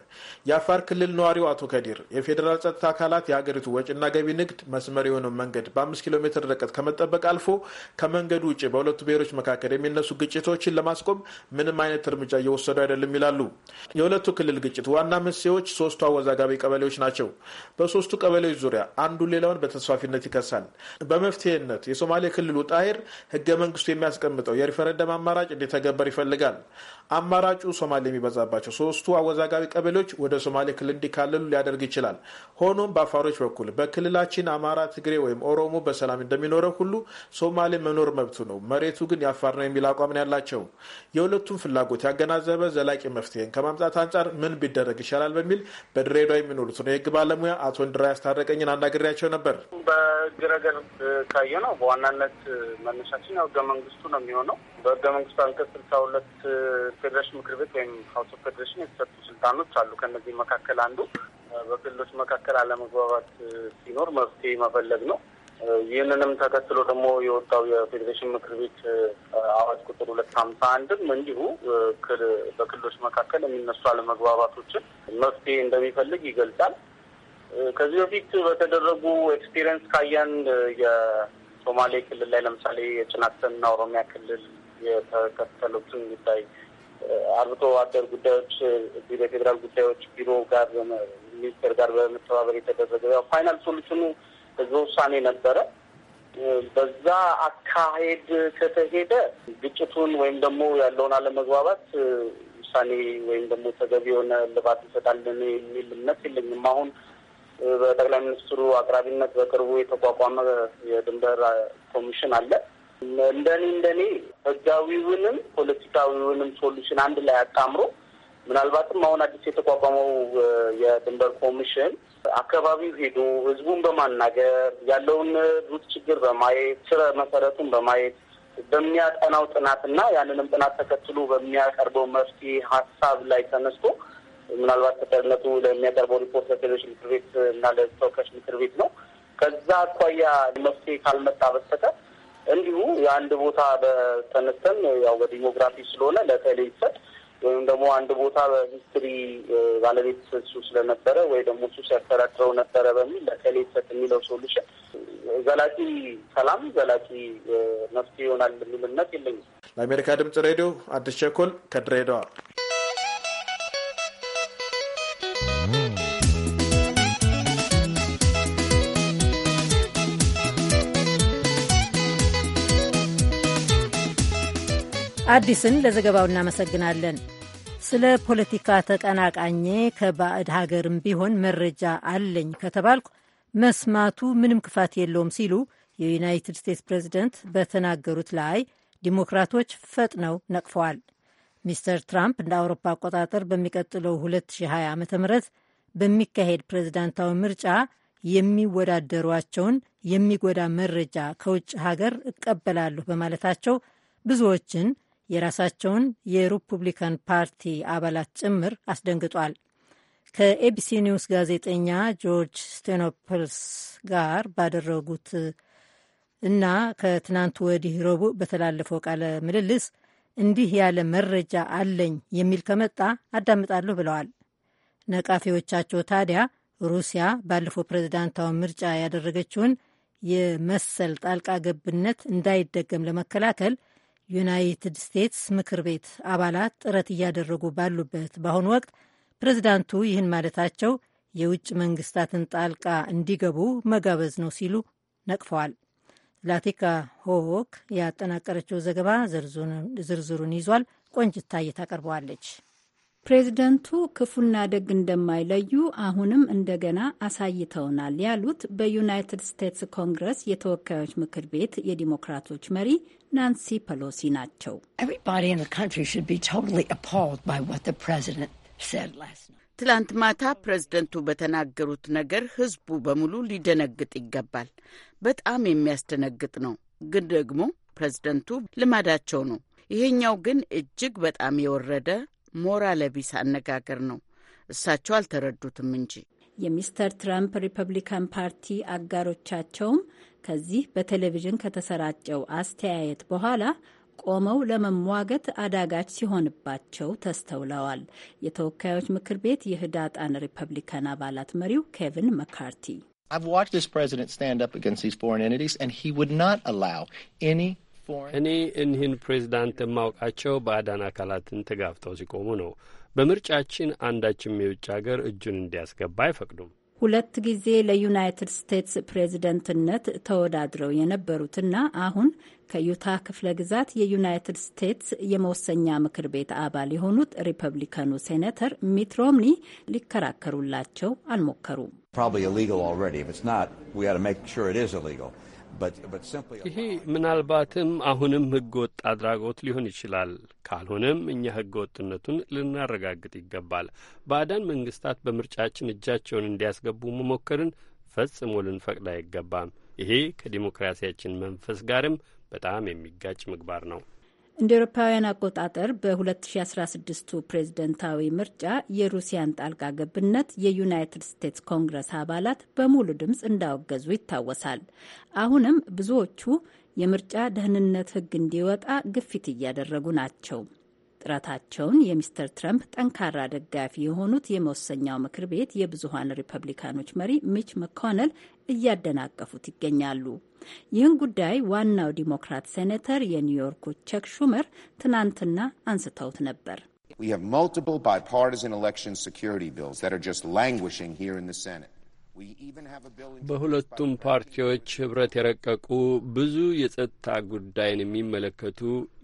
የአፋር ክልል ነዋሪው አቶ ከዲር የፌዴራል ጸጥታ አካላት የሀገሪቱ ወጪና ገቢ ንግድ መስመር የሆነው መንገድ በአምስት ኪሎ ሜትር ርቀት ከመጠበቅ አልፎ ከመንገዱ ውጭ በሁለቱ ብሔሮች መካከል የሚነሱ ግጭቶችን ለማስቆም ምንም አይነት እርምጃ እየወሰዱ አይደለም ይላሉ። የሁለቱ ክልል ግጭት ዋና መንስኤዎች ሶስቱ አወዛጋቢ ቀበሌዎች ናቸው። በሶስቱ ቀበሌዎች ዙሪያ አንዱ ሌላውን በተስፋፊነት በአንድነት ይከሳል። በመፍትሄነት የሶማሌ ክልሉ ጣሂር ህገ መንግስቱ የሚያስቀምጠው የሪፈረንደም አማራጭ እንዲተገበር ይፈልጋል። አማራጩ ሶማሌ የሚበዛባቸው ሶስቱ አወዛጋቢ ቀበሌዎች ወደ ሶማሌ ክልል እንዲካለሉ ሊያደርግ ይችላል። ሆኖም በአፋሮች በኩል በክልላችን አማራ፣ ትግሬ ወይም ኦሮሞ በሰላም እንደሚኖረው ሁሉ ሶማሌ መኖር መብቱ ነው፣ መሬቱ ግን ያፋር ነው የሚል አቋም ነው ያላቸው። የሁለቱም ፍላጎት ያገናዘበ ዘላቂ መፍትሄን ከማምጣት አንጻር ምን ቢደረግ ይሻላል በሚል በድሬዳዋ ነው የህግ ባለሙያ አቶ እንድራ ያስታረቀኝን አናግሬያቸው ነበር። በግረገር ካየ ነው በዋናነት መነሻችን ያው ህገ መንግስቱ ነው የሚሆነው። በህገ መንግስቱ አንቀጽ ስልሳ ሁለት ፌዴሬሽን ምክር ቤት ወይም ሀውስ ኦፍ ፌዴሬሽን የተሰጡ ስልጣኖች አሉ። ከእነዚህ መካከል አንዱ በክልሎች መካከል አለመግባባት ሲኖር መፍትሄ መፈለግ ነው። ይህንንም ተከትሎ ደግሞ የወጣው የፌዴሬሽን ምክር ቤት አዋጅ ቁጥር ሁለት ሀምሳ አንድም እንዲሁ በክልሎች መካከል የሚነሱ አለመግባባቶችን መፍትሄ እንደሚፈልግ ይገልጻል። ከዚህ በፊት በተደረጉ ኤክስፒሪየንስ ካየን የሶማሌ ክልል ላይ ለምሳሌ የጭናክሰንና ኦሮሚያ ክልል የተከተሉትን ጉዳይ አርብቶ አደር ጉዳዮች የፌዴራል ጉዳዮች ቢሮ ጋር ሚኒስቴር ጋር በመተባበር የተደረገ ያው ፋይናል ሶሉሽኑ ህዝበ ውሳኔ ነበረ። በዛ አካሄድ ከተሄደ ግጭቱን ወይም ደግሞ ያለውን አለመግባባት ውሳኔ ወይም ደግሞ ተገቢ የሆነ ልባት ይሰጣል የሚል እምነት የለኝም። አሁን በጠቅላይ ሚኒስትሩ አቅራቢነት በቅርቡ የተቋቋመ የድንበር ኮሚሽን አለ። እንደኔ እንደኔ ህጋዊውንም ፖለቲካዊውንም ሶሉሽን አንድ ላይ አጣምሮ ምናልባትም አሁን አዲስ የተቋቋመው የድንበር ኮሚሽን አካባቢው ሄዶ ህዝቡን በማናገር ያለውን ሩት ችግር በማየት ስረ መሰረቱን በማየት በሚያጠናው ጥናትና ያንንም ጥናት ተከትሎ በሚያቀርበው መፍትሄ ሀሳብ ላይ ተነስቶ ምናልባት ተጠርነቱ ለሚያቀርበው ሪፖርት ለፌዴሬሽን ምክር ቤት እና ለተወካዮች ምክር ቤት ነው። ከዛ አኳያ መፍትሄ ካልመጣ በስተቀር እንዲሁ የአንድ ቦታ በተነስተን ያው በዲሞግራፊ ስለሆነ ለተለይ ይሰጥ ወይም ደግሞ አንድ ቦታ በሂስትሪ ባለቤት እሱ ስለነበረ ወይ ደግሞ እሱ ሲያስተዳድረው ነበረ በሚል ለቴሌ ሰት የሚለው ሶሉሽን ዘላቂ ሰላም ዘላቂ መፍትሄ ይሆናል የሚል እምነት የለኝም። ለአሜሪካ ድምጽ ሬዲዮ አዲስ ቸኮል ከድሬዳዋ አዲስን ለዘገባው እናመሰግናለን። ስለ ፖለቲካ ተቀናቃኜ ከባዕድ ሀገርም ቢሆን መረጃ አለኝ ከተባልኩ መስማቱ ምንም ክፋት የለውም ሲሉ የዩናይትድ ስቴትስ ፕሬዚደንት በተናገሩት ላይ ዲሞክራቶች ፈጥነው ነቅፈዋል። ሚስተር ትራምፕ እንደ አውሮፓ አቆጣጠር በሚቀጥለው 2020 ዓ ም በሚካሄድ ፕሬዚዳንታዊ ምርጫ የሚወዳደሯቸውን የሚጎዳ መረጃ ከውጭ ሀገር እቀበላለሁ በማለታቸው ብዙዎችን የራሳቸውን የሪፑብሊካን ፓርቲ አባላት ጭምር አስደንግጧል። ከኤቢሲ ኒውስ ጋዜጠኛ ጆርጅ ስቴኖፕልስ ጋር ባደረጉት እና ከትናንት ወዲህ ረቡዕ በተላለፈው ቃለ ምልልስ እንዲህ ያለ መረጃ አለኝ የሚል ከመጣ አዳምጣለሁ ብለዋል። ነቃፊዎቻቸው ታዲያ ሩሲያ ባለፈው ፕሬዝዳንታዊ ምርጫ ያደረገችውን የመሰል ጣልቃ ገብነት እንዳይደገም ለመከላከል ዩናይትድ ስቴትስ ምክር ቤት አባላት ጥረት እያደረጉ ባሉበት በአሁኑ ወቅት ፕሬዚዳንቱ ይህን ማለታቸው የውጭ መንግስታትን ጣልቃ እንዲገቡ መጋበዝ ነው ሲሉ ነቅፈዋል። ላቲካ ሆክ ያጠናቀረችው ዘገባ ዝርዝሩን ይዟል። ቆንጅታ እየታቀርበዋለች። ፕሬዝደንቱ ክፉና ደግ እንደማይለዩ አሁንም እንደገና አሳይተውናል ያሉት በዩናይትድ ስቴትስ ኮንግረስ የተወካዮች ምክር ቤት የዲሞክራቶች መሪ ናንሲ ፐሎሲ ናቸው። ትላንት ማታ ፕሬዝደንቱ በተናገሩት ነገር ህዝቡ በሙሉ ሊደነግጥ ይገባል። በጣም የሚያስደነግጥ ነው። ግን ደግሞ ፕሬዝደንቱ ልማዳቸው ነው። ይሄኛው ግን እጅግ በጣም የወረደ ሞራል አነጋገር ነው። እሳቸው አልተረዱትም እንጂ የሚስተር ትራምፕ ሪፐብሊካን ፓርቲ አጋሮቻቸውም ከዚህ በቴሌቪዥን ከተሰራጨው አስተያየት በኋላ ቆመው ለመሟገት አዳጋች ሲሆንባቸው ተስተውለዋል። የተወካዮች ምክር ቤት የህዳጣን ሪፐብሊካን አባላት መሪው ኬቪን መካርቲ I've watched this president stand up against these foreign entities, and he would not allow any እኔ እኒህን ፕሬዚዳንት የማውቃቸው በአዳን አካላትን ተጋፍጠው ሲቆሙ ነው። በምርጫችን አንዳችም የውጭ አገር እጁን እንዲያስገባ አይፈቅዱም። ሁለት ጊዜ ለዩናይትድ ስቴትስ ፕሬዝደንትነት ተወዳድረው የነበሩትና አሁን ከዩታ ክፍለ ግዛት የዩናይትድ ስቴትስ የመወሰኛ ምክር ቤት አባል የሆኑት ሪፐብሊካኑ ሴኔተር ሚት ሮምኒ ሊከራከሩላቸው አልሞከሩም። ይሄ ምናልባትም አሁንም ሕገ ወጥ አድራጎት ሊሆን ይችላል። ካልሆነም እኛ ሕገ ወጥነቱን ልናረጋግጥ ይገባል። ባዕዳን መንግስታት በምርጫችን እጃቸውን እንዲያስገቡ መሞከርን ፈጽሞ ልንፈቅድ አይገባም። ይሄ ከዲሞክራሲያችን መንፈስ ጋርም በጣም የሚጋጭ ምግባር ነው። እንደ ኤሮፓውያን አቆጣጠር በ 2016 ፕሬዝደንታዊ ምርጫ የሩሲያን ጣልቃ ገብነት የዩናይትድ ስቴትስ ኮንግረስ አባላት በሙሉ ድምፅ እንዳወገዙ ይታወሳል። አሁንም ብዙዎቹ የምርጫ ደህንነት ሕግ እንዲወጣ ግፊት እያደረጉ ናቸው። ጥረታቸውን የሚስተር ትረምፕ ጠንካራ ደጋፊ የሆኑት የመወሰኛው ምክር ቤት የብዙሀን ሪፐብሊካኖች መሪ ሚች መኮነል እያደናቀፉት ይገኛሉ። ይህን ጉዳይ ዋናው ዲሞክራት ሴኔተር የኒውዮርኩ ቸክ ሹመር ትናንትና አንስተውት ነበር። በሁለቱም ፓርቲዎች ህብረት የረቀቁ ብዙ የጸጥታ ጉዳይን የሚመለከቱ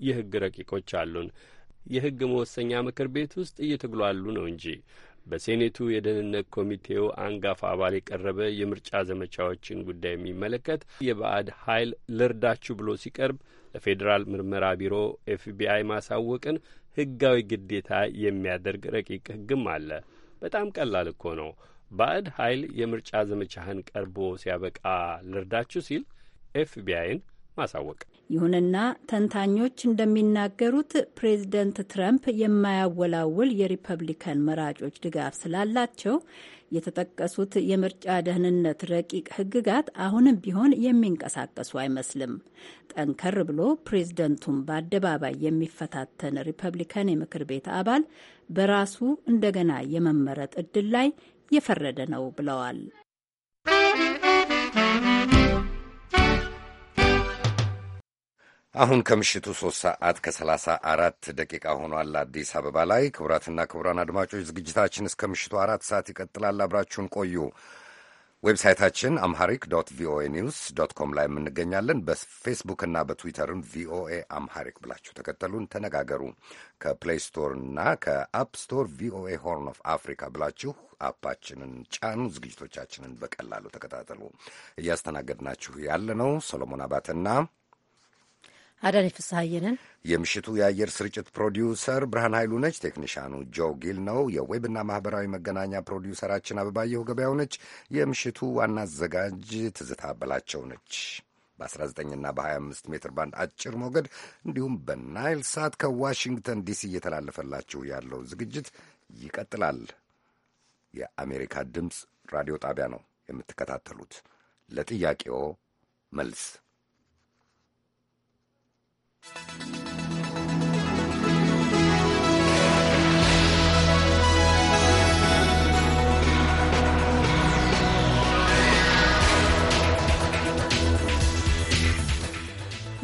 የህግ ረቂቆች አሉን። የህግ መወሰኛ ምክር ቤት ውስጥ እየተግሏሉ ነው እንጂ በሴኔቱ የደህንነት ኮሚቴው አንጋፋ አባል የቀረበ የምርጫ ዘመቻዎችን ጉዳይ የሚመለከት የባዕድ ኃይል ልርዳችሁ ብሎ ሲቀርብ ለፌዴራል ምርመራ ቢሮ ኤፍቢአይ ማሳወቅን ሕጋዊ ግዴታ የሚያደርግ ረቂቅ ሕግም አለ። በጣም ቀላል እኮ ነው። ባዕድ ኃይል የምርጫ ዘመቻህን ቀርቦ ሲያበቃ ልርዳችሁ ሲል ኤፍቢአይን ማሳወቅ ይሁንና ተንታኞች እንደሚናገሩት ፕሬዚደንት ትረምፕ የማያወላውል የሪፐብሊካን መራጮች ድጋፍ ስላላቸው የተጠቀሱት የምርጫ ደህንነት ረቂቅ ህግጋት አሁንም ቢሆን የሚንቀሳቀሱ አይመስልም። ጠንከር ብሎ ፕሬዝደንቱን በአደባባይ የሚፈታተን ሪፐብሊካን የምክር ቤት አባል በራሱ እንደገና የመመረጥ እድል ላይ የፈረደ ነው ብለዋል። አሁን ከምሽቱ ሶስት ሰዓት ከሰላሳ አራት ደቂቃ ሆኗል አዲስ አበባ ላይ። ክቡራትና ክቡራን አድማጮች ዝግጅታችን እስከ ምሽቱ አራት ሰዓት ይቀጥላል። አብራችሁን ቆዩ። ዌብሳይታችን አምሃሪክ ዶት ቪኦኤ ኒውስ ዶት ኮም ላይ የምንገኛለን። በፌስቡክና በትዊተርም ቪኦኤ አምሃሪክ ብላችሁ ተከተሉን፣ ተነጋገሩ። ከፕሌይ እና ከአፕ ስቶር ቪኦኤ ሆርን ኦፍ አፍሪካ ብላችሁ አፓችንን ጫኑ። ዝግጅቶቻችንን በቀላሉ ተከታተሉ። እያስተናገድናችሁ ያለ ነው ሰሎሞን አባተና አዳኒ ፍስሐየንን የምሽቱ የአየር ስርጭት ፕሮዲውሰር ብርሃን ኃይሉ ነች። ቴክኒሻኑ ጆ ጊል ነው። የዌብና ማኅበራዊ መገናኛ ፕሮዲውሰራችን አበባየሁ ገበያው ነች። የምሽቱ ዋና አዘጋጅ ትዝታ በላቸው ነች። በ19ና በ25 ሜትር ባንድ አጭር ሞገድ እንዲሁም በናይል ሳት ከዋሽንግተን ዲሲ እየተላለፈላችሁ ያለው ዝግጅት ይቀጥላል። የአሜሪካ ድምፅ ራዲዮ ጣቢያ ነው የምትከታተሉት። ለጥያቄዎ መልስ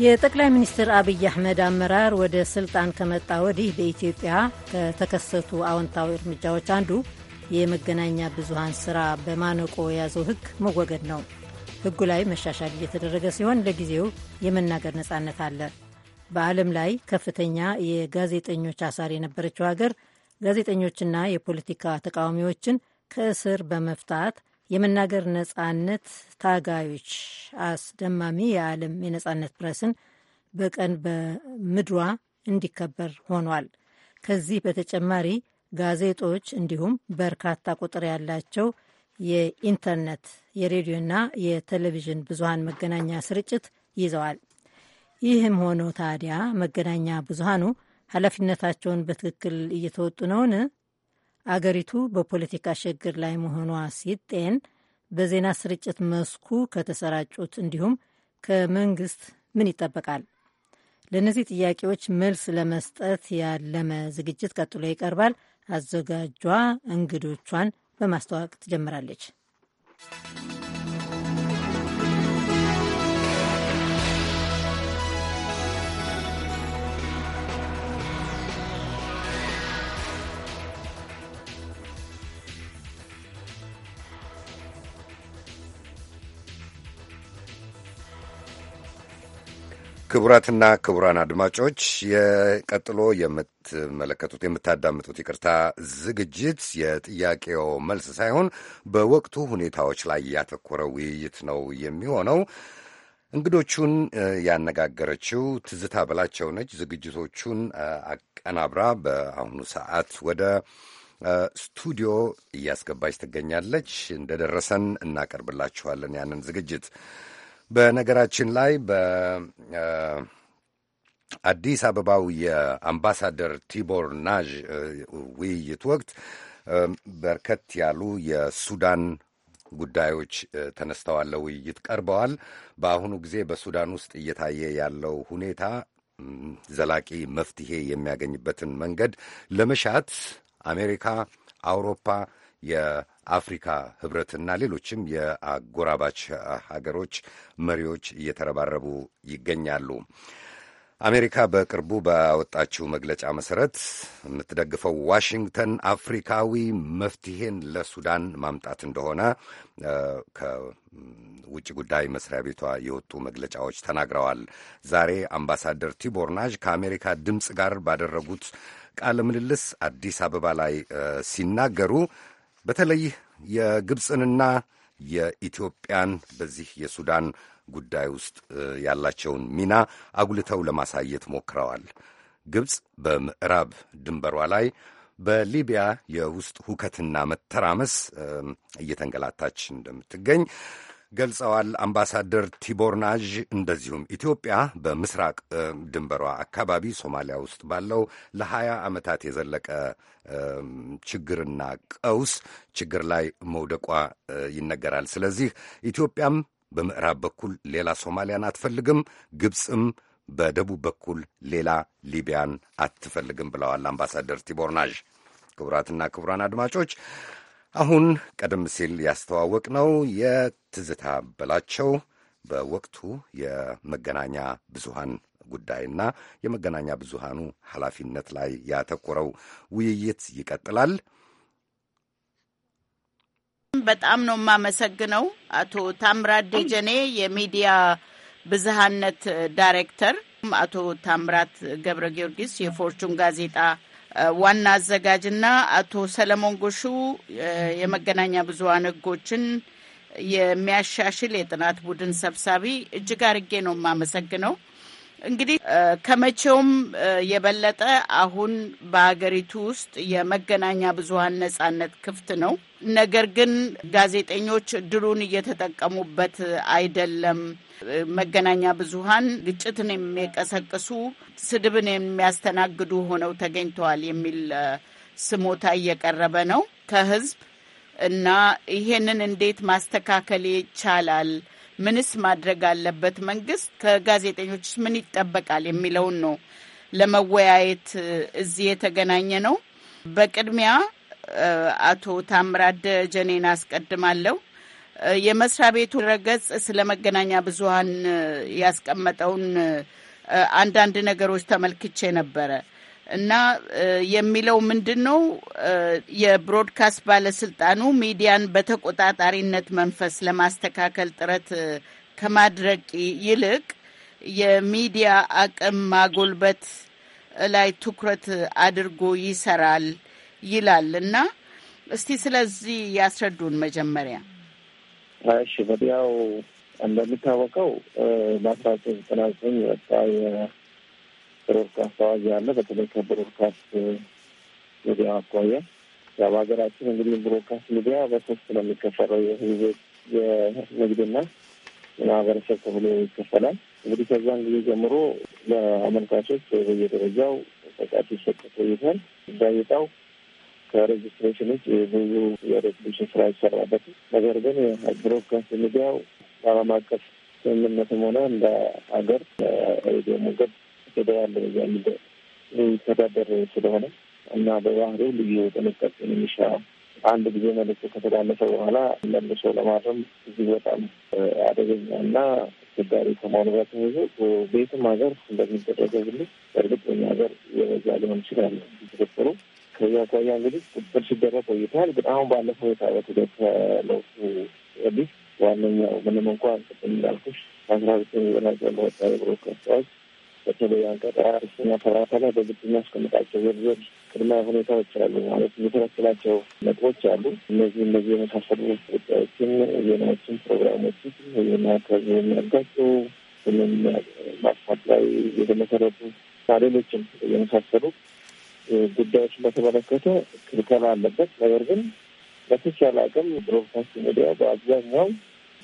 የጠቅላይ ሚኒስትር አብይ አህመድ አመራር ወደ ስልጣን ከመጣ ወዲህ በኢትዮጵያ ከተከሰቱ አዎንታዊ እርምጃዎች አንዱ የመገናኛ ብዙሃን ስራ በማነቆ የያዘው ሕግ መወገድ ነው። ሕጉ ላይ መሻሻል እየተደረገ ሲሆን ለጊዜው የመናገር ነጻነት አለ። በዓለም ላይ ከፍተኛ የጋዜጠኞች አሳር የነበረችው ሀገር ጋዜጠኞችና የፖለቲካ ተቃዋሚዎችን ከእስር በመፍታት የመናገር ነጻነት ታጋዮች አስደማሚ የዓለም የነጻነት ፕረስን በቀን በምድሯ እንዲከበር ሆኗል። ከዚህ በተጨማሪ ጋዜጦች እንዲሁም በርካታ ቁጥር ያላቸው የኢንተርኔት የሬዲዮና የቴሌቪዥን ብዙሃን መገናኛ ስርጭት ይዘዋል። ይህም ሆኖ ታዲያ መገናኛ ብዙሃኑ ኃላፊነታቸውን በትክክል እየተወጡ ነውን? አገሪቱ በፖለቲካ ሽግግር ላይ መሆኗ ሲጤን በዜና ስርጭት መስኩ ከተሰራጩት እንዲሁም ከመንግስት ምን ይጠበቃል? ለእነዚህ ጥያቄዎች መልስ ለመስጠት ያለመ ዝግጅት ቀጥሎ ይቀርባል። አዘጋጇ እንግዶቿን በማስተዋወቅ ትጀምራለች። ክቡራትና ክቡራን አድማጮች የቀጥሎ የምትመለከቱት የምታዳምጡት ይቅርታ ዝግጅት የጥያቄው መልስ ሳይሆን በወቅቱ ሁኔታዎች ላይ ያተኮረ ውይይት ነው የሚሆነው። እንግዶቹን ያነጋገረችው ትዝታ በላቸው ነች። ዝግጅቶቹን አቀናብራ በአሁኑ ሰዓት ወደ ስቱዲዮ እያስገባች ትገኛለች። እንደደረሰን እናቀርብላችኋለን ያንን ዝግጅት በነገራችን ላይ በአዲስ አበባው የአምባሳደር ቲቦር ናዥ ውይይት ወቅት በርከት ያሉ የሱዳን ጉዳዮች ተነስተዋል፣ ለውይይት ቀርበዋል። በአሁኑ ጊዜ በሱዳን ውስጥ እየታየ ያለው ሁኔታ ዘላቂ መፍትሄ የሚያገኝበትን መንገድ ለመሻት አሜሪካ፣ አውሮፓ የአፍሪካ ህብረትና ሌሎችም የአጎራባች ሀገሮች መሪዎች እየተረባረቡ ይገኛሉ። አሜሪካ በቅርቡ ባወጣችው መግለጫ መሰረት የምትደግፈው ዋሽንግተን አፍሪካዊ መፍትሄን ለሱዳን ማምጣት እንደሆነ ከውጭ ጉዳይ መስሪያ ቤቷ የወጡ መግለጫዎች ተናግረዋል። ዛሬ አምባሳደር ቲቦር ናዥ ከአሜሪካ ድምፅ ጋር ባደረጉት ቃለ ምልልስ አዲስ አበባ ላይ ሲናገሩ በተለይ የግብፅንና የኢትዮጵያን በዚህ የሱዳን ጉዳይ ውስጥ ያላቸውን ሚና አጉልተው ለማሳየት ሞክረዋል። ግብፅ በምዕራብ ድንበሯ ላይ በሊቢያ የውስጥ ሁከትና መተራመስ እየተንገላታች እንደምትገኝ ገልጸዋል። አምባሳደር ቲቦርናዥ እንደዚሁም ኢትዮጵያ በምስራቅ ድንበሯ አካባቢ ሶማሊያ ውስጥ ባለው ለሀያ ዓመታት የዘለቀ ችግርና ቀውስ ችግር ላይ መውደቋ ይነገራል። ስለዚህ ኢትዮጵያም በምዕራብ በኩል ሌላ ሶማሊያን አትፈልግም፣ ግብፅም በደቡብ በኩል ሌላ ሊቢያን አትፈልግም ብለዋል አምባሳደር ቲቦርናዥ። ክቡራትና ክቡራን አድማጮች አሁን ቀደም ሲል ያስተዋወቅ ነው የትዝታ በላቸው በወቅቱ የመገናኛ ብዙሃን ጉዳይና የመገናኛ ብዙሃኑ ኃላፊነት ላይ ያተኮረው ውይይት ይቀጥላል። በጣም ነው የማመሰግነው አቶ ታምራት ደጀኔ የሚዲያ ብዝሃነት ዳይሬክተር፣ አቶ ታምራት ገብረ ጊዮርጊስ የፎርቹን ጋዜጣ ዋና አዘጋጅና አቶ ሰለሞን ጎሹ የመገናኛ ብዙሀን ህጎችን የሚያሻሽል የጥናት ቡድን ሰብሳቢ፣ እጅግ አርጌ ነው የማመሰግነው። እንግዲህ ከመቼውም የበለጠ አሁን በሀገሪቱ ውስጥ የመገናኛ ብዙሀን ነጻነት ክፍት ነው። ነገር ግን ጋዜጠኞች እድሉን እየተጠቀሙበት አይደለም መገናኛ ብዙሃን ግጭትን የሚቀሰቅሱ ስድብን የሚያስተናግዱ ሆነው ተገኝተዋል የሚል ስሞታ እየቀረበ ነው ከህዝብ እና ይሄንን እንዴት ማስተካከል ይቻላል? ምንስ ማድረግ አለበት መንግስት? ከጋዜጠኞችስ ምን ይጠበቃል? የሚለውን ነው ለመወያየት እዚህ የተገናኘ ነው። በቅድሚያ አቶ ታምራት ደጀኔን አስቀድማለሁ። የመስሪያ ቤቱ ረገጽ ስለ መገናኛ ብዙሀን ያስቀመጠውን አንዳንድ ነገሮች ተመልክቼ ነበረ እና የሚለው ምንድን ነው የብሮድካስት ባለስልጣኑ ሚዲያን በተቆጣጣሪነት መንፈስ ለማስተካከል ጥረት ከማድረግ ይልቅ የሚዲያ አቅም ማጎልበት ላይ ትኩረት አድርጎ ይሰራል ይላል እና እስቲ ስለዚህ ያስረዱን መጀመሪያ። እሺ ወዲያው እንደሚታወቀው በአስራ ዘጠኝ ዘጠና ዘጠኝ የወጣ የብሮድካስት አዋጅ አለ። በተለይ ከብሮድካስት ሚዲያ አኳያ ያው በሀገራችን እንግዲህ ብሮድካስት ሚዲያ በሶስት ነው የሚከፈለው የህዝብ የንግድና የማህበረሰብ ተብሎ ይከፈላል። እንግዲህ ከዛን ጊዜ ጀምሮ ለአመልካቾች በየደረጃው ፈቃድ ይሰጥ ቆይቷል። ጋዜጣው ከሬጅስትሬሽን ውጭ ብዙ የሬጅስትሬሽን ስራ ይሰራበት። ነገር ግን ብሮድካስት ሚዲያው በዓለም አቀፍ ስምምነትም ሆነ እንደ ሀገር ሬዲዮ ሞገድ ሄደ ያለ የሚተዳደር ስለሆነ እና በባህሪው ልዩ ጥንቃቄ የሚሻ አንድ ጊዜ መልዕክቱ ከተላለፈ በኋላ መልሶ ለማረም እዚህ በጣም አደገኛ እና አስቸጋሪ ከመሆኑ ጋር ተያይዞ በየትም ሀገር እንደሚደረገ ሁሉ በእርግጥ በኛ ሀገር የበዛ ሊሆን ይችላል ትክክሩ ከዚ አኳያ እንግዲህ ቁጥጥር ሲደረግ ቆይተዋል። ግን አሁን ባለፈው የታበት ሂደት ከለውጡ ወዲህ ዋነኛው ምንም እንኳን ቅድም እንዳልኩሽ ከአስራ ዘጠኝ ዘጠና ጀምሮ ወጣ የብሮድካስት አዋጅ በተለይ አንቀጣ ሀያ አራተኛ ላይ በግድ የሚያስቀምጣቸው ዝርዝር ቅድመ ሁኔታዎች አሉ። ማለት የሚከለክላቸው ነጥቦች አሉ። እነዚህ እነዚህ የመሳሰሉ ጉዳዮችን፣ ዜናዎችን፣ ፕሮግራሞችን ማከዝ የሚያጋጩ ምንም ማስፋት ላይ የተመሰረቱ ሌሎችም የመሳሰሉ ጉዳዮችን በተመለከተ ክልከላ አለበት። ነገር ግን በተቻለ አቅም ብሮድካስት ሚዲያ በአብዛኛው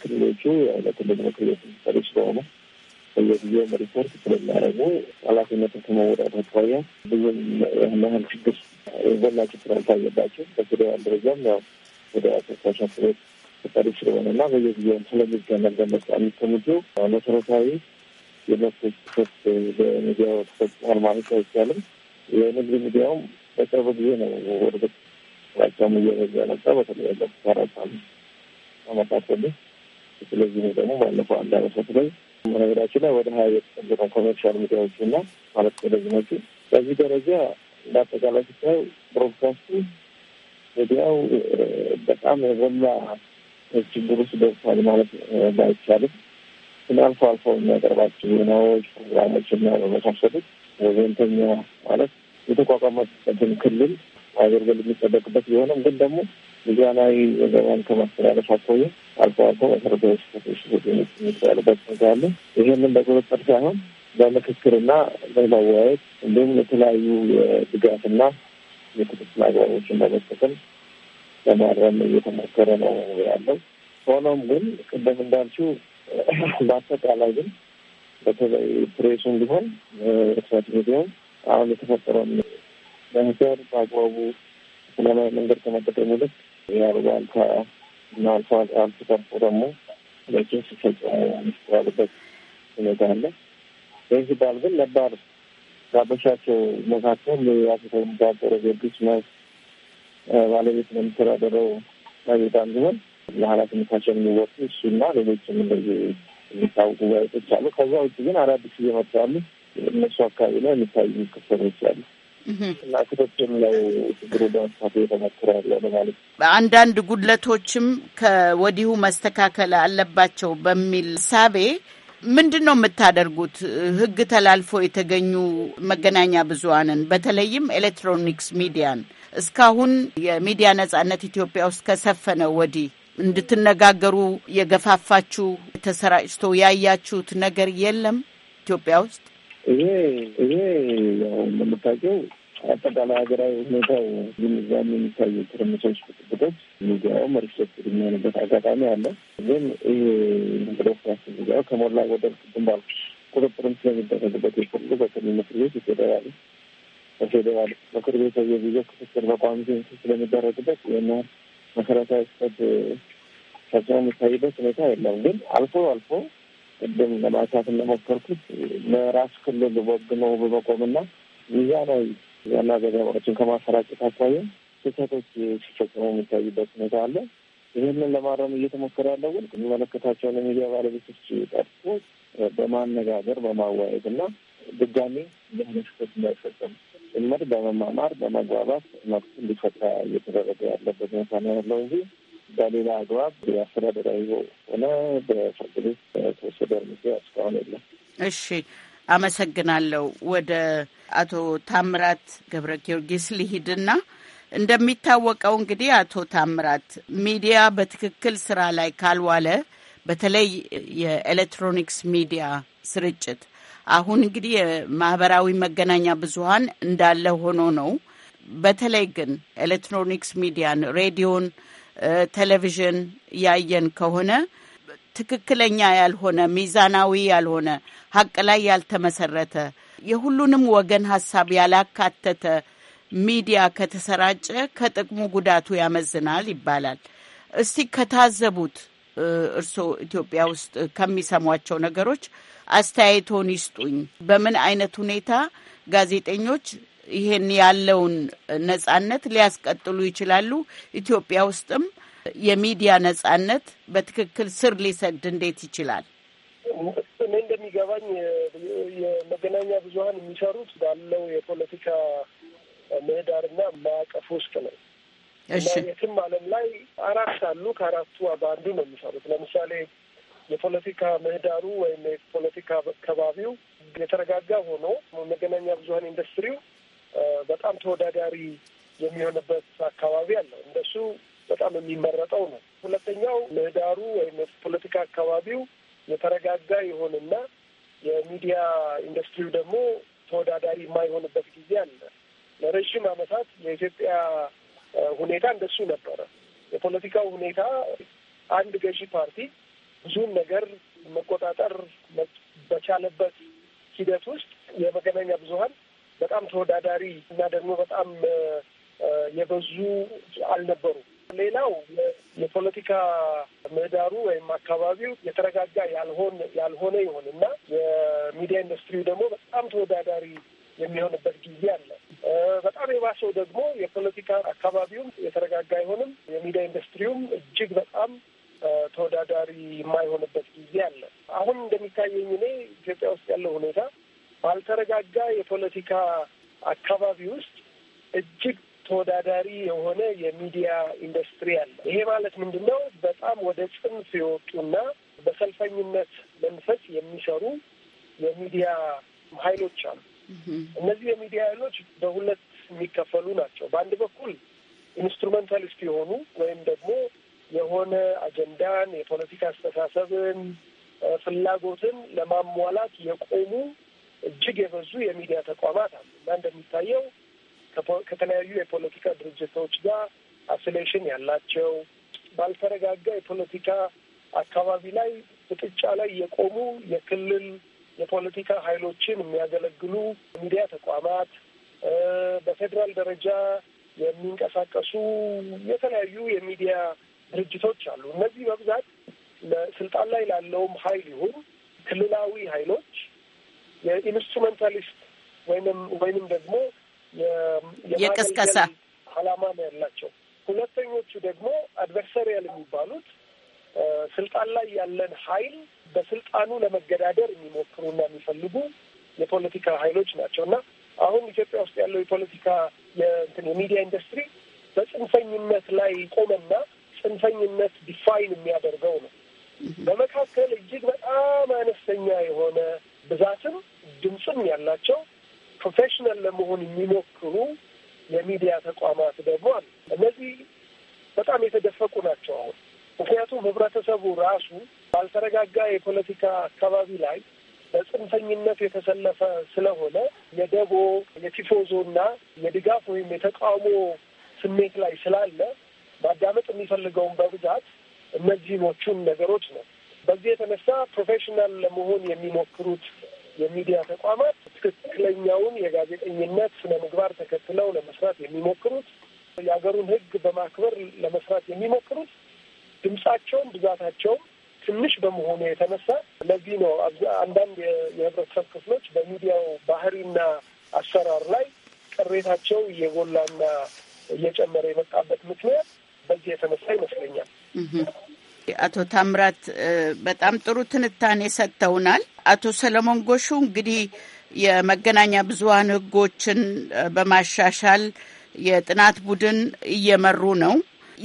ክልሎቹ ለክልል ምክር ቤት ሚኒስተሪ ስለሆነ በየጊዜውም ሪፖርት ስለሚያደርጉ ኃላፊነትን ከመወጣት አኳያ ብዙም ያን ያህል ችግር የበላ ችግር አልታየባቸው። በፌዴራል ደረጃም ያው ፌዴራል ተሳሻ ስቤት ተጠሪ ስለሆነ ስለሆነና በየጊዜውም ስለሚገመገም በቋሚ ኮሚቴው መሰረታዊ የመብቶች ጥሰት በሚዲያ ተፈጽሟል ማለት አይቻልም። የንግድ ሚዲያውም በቅርብ ጊዜ ነው ወደ ቸውም እየበዛ ያመጣ በተለይ ያለፉት አራት አመታት ወደ ስለዚህ ደግሞ ባለፈው አንድ አመሰት ላይ መነገዳችን ላይ ወደ ሀያ የተጠጉ ኮሜርሻል ሚዲያዎቹ እና ማለት ቴሌቪዥኖቹ በዚህ ደረጃ እንዳጠቃላይ ሲታይ ብሮድካስቱ ሚዲያው በጣም የበላ ችግር ውስጥ ደርሷል ማለት ባይቻልም ግን አልፎ አልፎ የሚያቀርባቸው ዜናዎች፣ ፕሮግራሞች እና በመሳሰሉት ወገንተኛ ማለት የተቋቋመ ቅድም ክልል አገልገል የሚጠበቅበት ቢሆንም ግን ደግሞ ሚዛናዊ ወገባን ከማስተላለፍ አኳያ አልፎ አልፎ መሰረታዊ ስህተቶች የሚባሉበት ሁኔታ አለ። ይህንን በቁጥጥር ሳይሆን በምክክርና በመወያየት እንዲሁም የተለያዩ ድጋፍና የክትትል አግባቦችን በመጠቀም ለማረም እየተሞከረ ነው ያለው። ሆኖም ግን ቅድም እንዳልችው በአጠቃላይ ግን በተለይ ፕሬሱን ቢሆን ስራት ቢሆን አሁን የተፈጠረውን ለህገር በአግባቡ ሰላማዊ መንገድ ከመጠቀም ይልቅ የአልባልታ እና አልፎ ደግሞ በኬስ ሲፈጸሙ ያሉበት ሁኔታ አለ። ይህ ሲባል ግን ነባር ጋበሻቸው መካከል አቶ ተምጋገረ ጊዮርጊስ መስ ባለቤት ነው የሚተዳደረው ጋዜጣ ቢሆን ለኃላፊነታቸው የሚወጡ እሱና ሌሎችም እንደዚህ የሚታወቁ ጋዜጦች አሉ። ከዛ ውጭ ግን አዳዲስ እየመጡ ያሉ እነሱ አካባቢ ላይ የሚታዩ ክስተቶች አሉ እና ክቶችም ላይ ችግሩ ለመፍታት እየተሞከረ ያለ ነው ማለት ነው። አንዳንድ ጉድለቶችም ከወዲሁ መስተካከል አለባቸው በሚል ሳቤ ምንድን ነው የምታደርጉት? ህግ ተላልፎ የተገኙ መገናኛ ብዙሀንን በተለይም ኤሌክትሮኒክስ ሚዲያን እስካሁን የሚዲያ ነጻነት ኢትዮጵያ ውስጥ ከሰፈነ ወዲህ እንድትነጋገሩ የገፋፋችሁ ተሰራጭቶ ያያችሁት ነገር የለም ኢትዮጵያ ውስጥ? ይሄ ይሄ ያው እንደምታውቀው አጠቃላይ ሀገራዊ ሁኔታው ግንዛቤ የሚታዩ ትርምሶች፣ ብጥብጦች ሚዲያው ሪፍሌክት የሚሆንበት አጋጣሚ አለ። ግን ይሄ ዲሞክራሲ ሚዲያው ከሞላ ጎደል ቅድም ባልኩሽ ቁጥጥርም ስለሚደረግበት የክልሉ በክልል ምክር ቤት ይፌደራል በፌደራል ምክር ቤት የጊዜው ክትትል በቋሚ ስለሚደረግበት ይህን ያህል መሰረታዊ ስጠት ተጽዕኖ የሚታይበት ሁኔታ የለም። ግን አልፎ አልፎ ቅድም ለማንሳት እንደሞከርኩት ለራሱ ክልል ወግነው በመቆምና ሚዛናዊ ዜና ዘገባዎችን ከማሰራጨት አኳያ ስህተቶች ሲፈጽሙ የሚታይበት ሁኔታ አለ። ይህንን ለማረም እየተሞከረ ያለው ግን የሚመለከታቸውን የሚዲያ ባለቤቶች ጠርቶ በማነጋገር በማዋየት እና ድጋሜ ለህነ ስህተት እንዳይፈጸም ጭምር በመማማር በመግባባት መብት እንዲፈታ እየተደረገ ያለበት ሁኔታ ነው ያለው እንጂ በሌላ አግባብ የአስተዳደራዊ ሆነ በፍርድ ቤት ተወሰደ እርምጃ እስካሁን የለም። እሺ፣ አመሰግናለሁ። ወደ አቶ ታምራት ገብረ ጊዮርጊስ ሊሂድና እንደሚታወቀው እንግዲህ አቶ ታምራት ሚዲያ በትክክል ስራ ላይ ካልዋለ በተለይ የኤሌክትሮኒክስ ሚዲያ ስርጭት አሁን እንግዲህ የማህበራዊ መገናኛ ብዙሀን እንዳለ ሆኖ ነው። በተለይ ግን ኤሌክትሮኒክስ ሚዲያን፣ ሬዲዮን፣ ቴሌቪዥን ያየን ከሆነ ትክክለኛ ያልሆነ ሚዛናዊ ያልሆነ ሀቅ ላይ ያልተመሰረተ የሁሉንም ወገን ሀሳብ ያላካተተ ሚዲያ ከተሰራጨ ከጥቅሙ ጉዳቱ ያመዝናል ይባላል። እስቲ ከታዘቡት እርስዎ ኢትዮጵያ ውስጥ ከሚሰሟቸው ነገሮች አስተያየቶን ይስጡኝ። በምን አይነት ሁኔታ ጋዜጠኞች ይሄን ያለውን ነጻነት ሊያስቀጥሉ ይችላሉ? ኢትዮጵያ ውስጥም የሚዲያ ነጻነት በትክክል ስር ሊሰድ እንዴት ይችላል? እኔ እንደሚገባኝ የመገናኛ ብዙኃን የሚሰሩት ባለው የፖለቲካ ምህዳርና ማዕቀፍ ውስጥ ነው እና የትም ዓለም ላይ አራት አሉ። ከአራቱ በአንዱ ነው የሚሰሩት። ለምሳሌ የፖለቲካ ምህዳሩ ወይም የፖለቲካ አካባቢው የተረጋጋ ሆኖ መገናኛ ብዙሀን ኢንዱስትሪው በጣም ተወዳዳሪ የሚሆንበት አካባቢ አለው። እንደሱ በጣም የሚመረጠው ነው። ሁለተኛው ምህዳሩ ወይም የፖለቲካ አካባቢው የተረጋጋ ይሆንና የሚዲያ ኢንዱስትሪው ደግሞ ተወዳዳሪ የማይሆንበት ጊዜ አለ። ለረዥም ዓመታት የኢትዮጵያ ሁኔታ እንደሱ ነበረ። የፖለቲካው ሁኔታ አንድ ገዢ ፓርቲ ብዙን ነገር መቆጣጠር በቻለበት ሂደት ውስጥ የመገናኛ ብዙኃን በጣም ተወዳዳሪ እና ደግሞ በጣም የበዙ አልነበሩ። ሌላው የፖለቲካ ምህዳሩ ወይም አካባቢው የተረጋጋ ያልሆን ያልሆነ ይሆን እና የሚዲያ ኢንዱስትሪው ደግሞ በጣም ተወዳዳሪ የሚሆንበት ጊዜ አለ። በጣም የባሰው ደግሞ የፖለቲካ አካባቢውም የተረጋጋ አይሆንም። የሚዲያ ኢንዱስትሪውም እጅግ በጣም ተወዳዳሪ የማይሆንበት ጊዜ አለ። አሁን እንደሚታየኝ እኔ ኢትዮጵያ ውስጥ ያለው ሁኔታ ባልተረጋጋ የፖለቲካ አካባቢ ውስጥ እጅግ ተወዳዳሪ የሆነ የሚዲያ ኢንዱስትሪ አለ። ይሄ ማለት ምንድን ነው? በጣም ወደ ጽንፍ የወጡና በሰልፈኝነት መንፈስ የሚሰሩ የሚዲያ ኃይሎች አሉ። እነዚህ የሚዲያ ኃይሎች በሁለት የሚከፈሉ ናቸው። በአንድ በኩል ኢንስትሩመንታሊስት የሆኑ ወይም ደግሞ የሆነ አጀንዳን፣ የፖለቲካ አስተሳሰብን፣ ፍላጎትን ለማሟላት የቆሙ እጅግ የበዙ የሚዲያ ተቋማት አሉ እና እንደሚታየው ከተለያዩ የፖለቲካ ድርጅቶች ጋር አፊሌሽን ያላቸው ባልተረጋጋ የፖለቲካ አካባቢ ላይ ፍጥጫ ላይ የቆሙ የክልል የፖለቲካ ኃይሎችን የሚያገለግሉ ሚዲያ ተቋማት በፌዴራል ደረጃ የሚንቀሳቀሱ የተለያዩ የሚዲያ ድርጅቶች አሉ። እነዚህ በብዛት ለስልጣን ላይ ላለውም ሀይል ይሁን ክልላዊ ሀይሎች የኢንስትሩሜንታሊስት ወይም ወይንም ደግሞ የቅስቀሳ አላማ ነው ያላቸው። ሁለተኞቹ ደግሞ አድቨርሰሪያል የሚባሉት ስልጣን ላይ ያለን ሀይል በስልጣኑ ለመገዳደር የሚሞክሩና የሚፈልጉ የፖለቲካ ሀይሎች ናቸው እና አሁን ኢትዮጵያ ውስጥ ያለው የፖለቲካ የሚዲያ ኢንዱስትሪ በጽንፈኝነት ላይ ቆመና ጽንፈኝነት ዲፋይን የሚያደርገው ነው። በመካከል እጅግ በጣም አነስተኛ የሆነ ብዛትም ድምፅም ያላቸው ፕሮፌሽናል ለመሆን የሚሞክሩ የሚዲያ ተቋማት ደግሞ አሉ። እነዚህ በጣም የተደፈቁ ናቸው አሁን ምክንያቱም ህብረተሰቡ ራሱ ባልተረጋጋ የፖለቲካ አካባቢ ላይ በጽንፈኝነት የተሰለፈ ስለሆነ የደቦ የቲፎዞ እና የድጋፍ ወይም የተቃውሞ ስሜት ላይ ስላለ ማዳመጥ የሚፈልገውን በብዛት እነዚህኖቹን ነገሮች ነው። በዚህ የተነሳ ፕሮፌሽናል ለመሆን የሚሞክሩት የሚዲያ ተቋማት ትክክለኛውን የጋዜጠኝነት ስነ ምግባር ተከትለው ለመስራት የሚሞክሩት የሀገሩን ሕግ በማክበር ለመስራት የሚሞክሩት ድምጻቸውም ብዛታቸውም ትንሽ በመሆኑ የተነሳ ለዚህ ነው አንዳንድ የህብረተሰብ ክፍሎች በሚዲያው ባህሪና አሰራር ላይ ቅሬታቸው እየጎላና እየጨመረ የመጣበት ምክንያት በዚህ የተነሳ ይመስለኛል። አቶ ታምራት በጣም ጥሩ ትንታኔ ሰጥተውናል። አቶ ሰለሞን ጎሹ እንግዲህ የመገናኛ ብዙኃን ሕጎችን በማሻሻል የጥናት ቡድን እየመሩ ነው።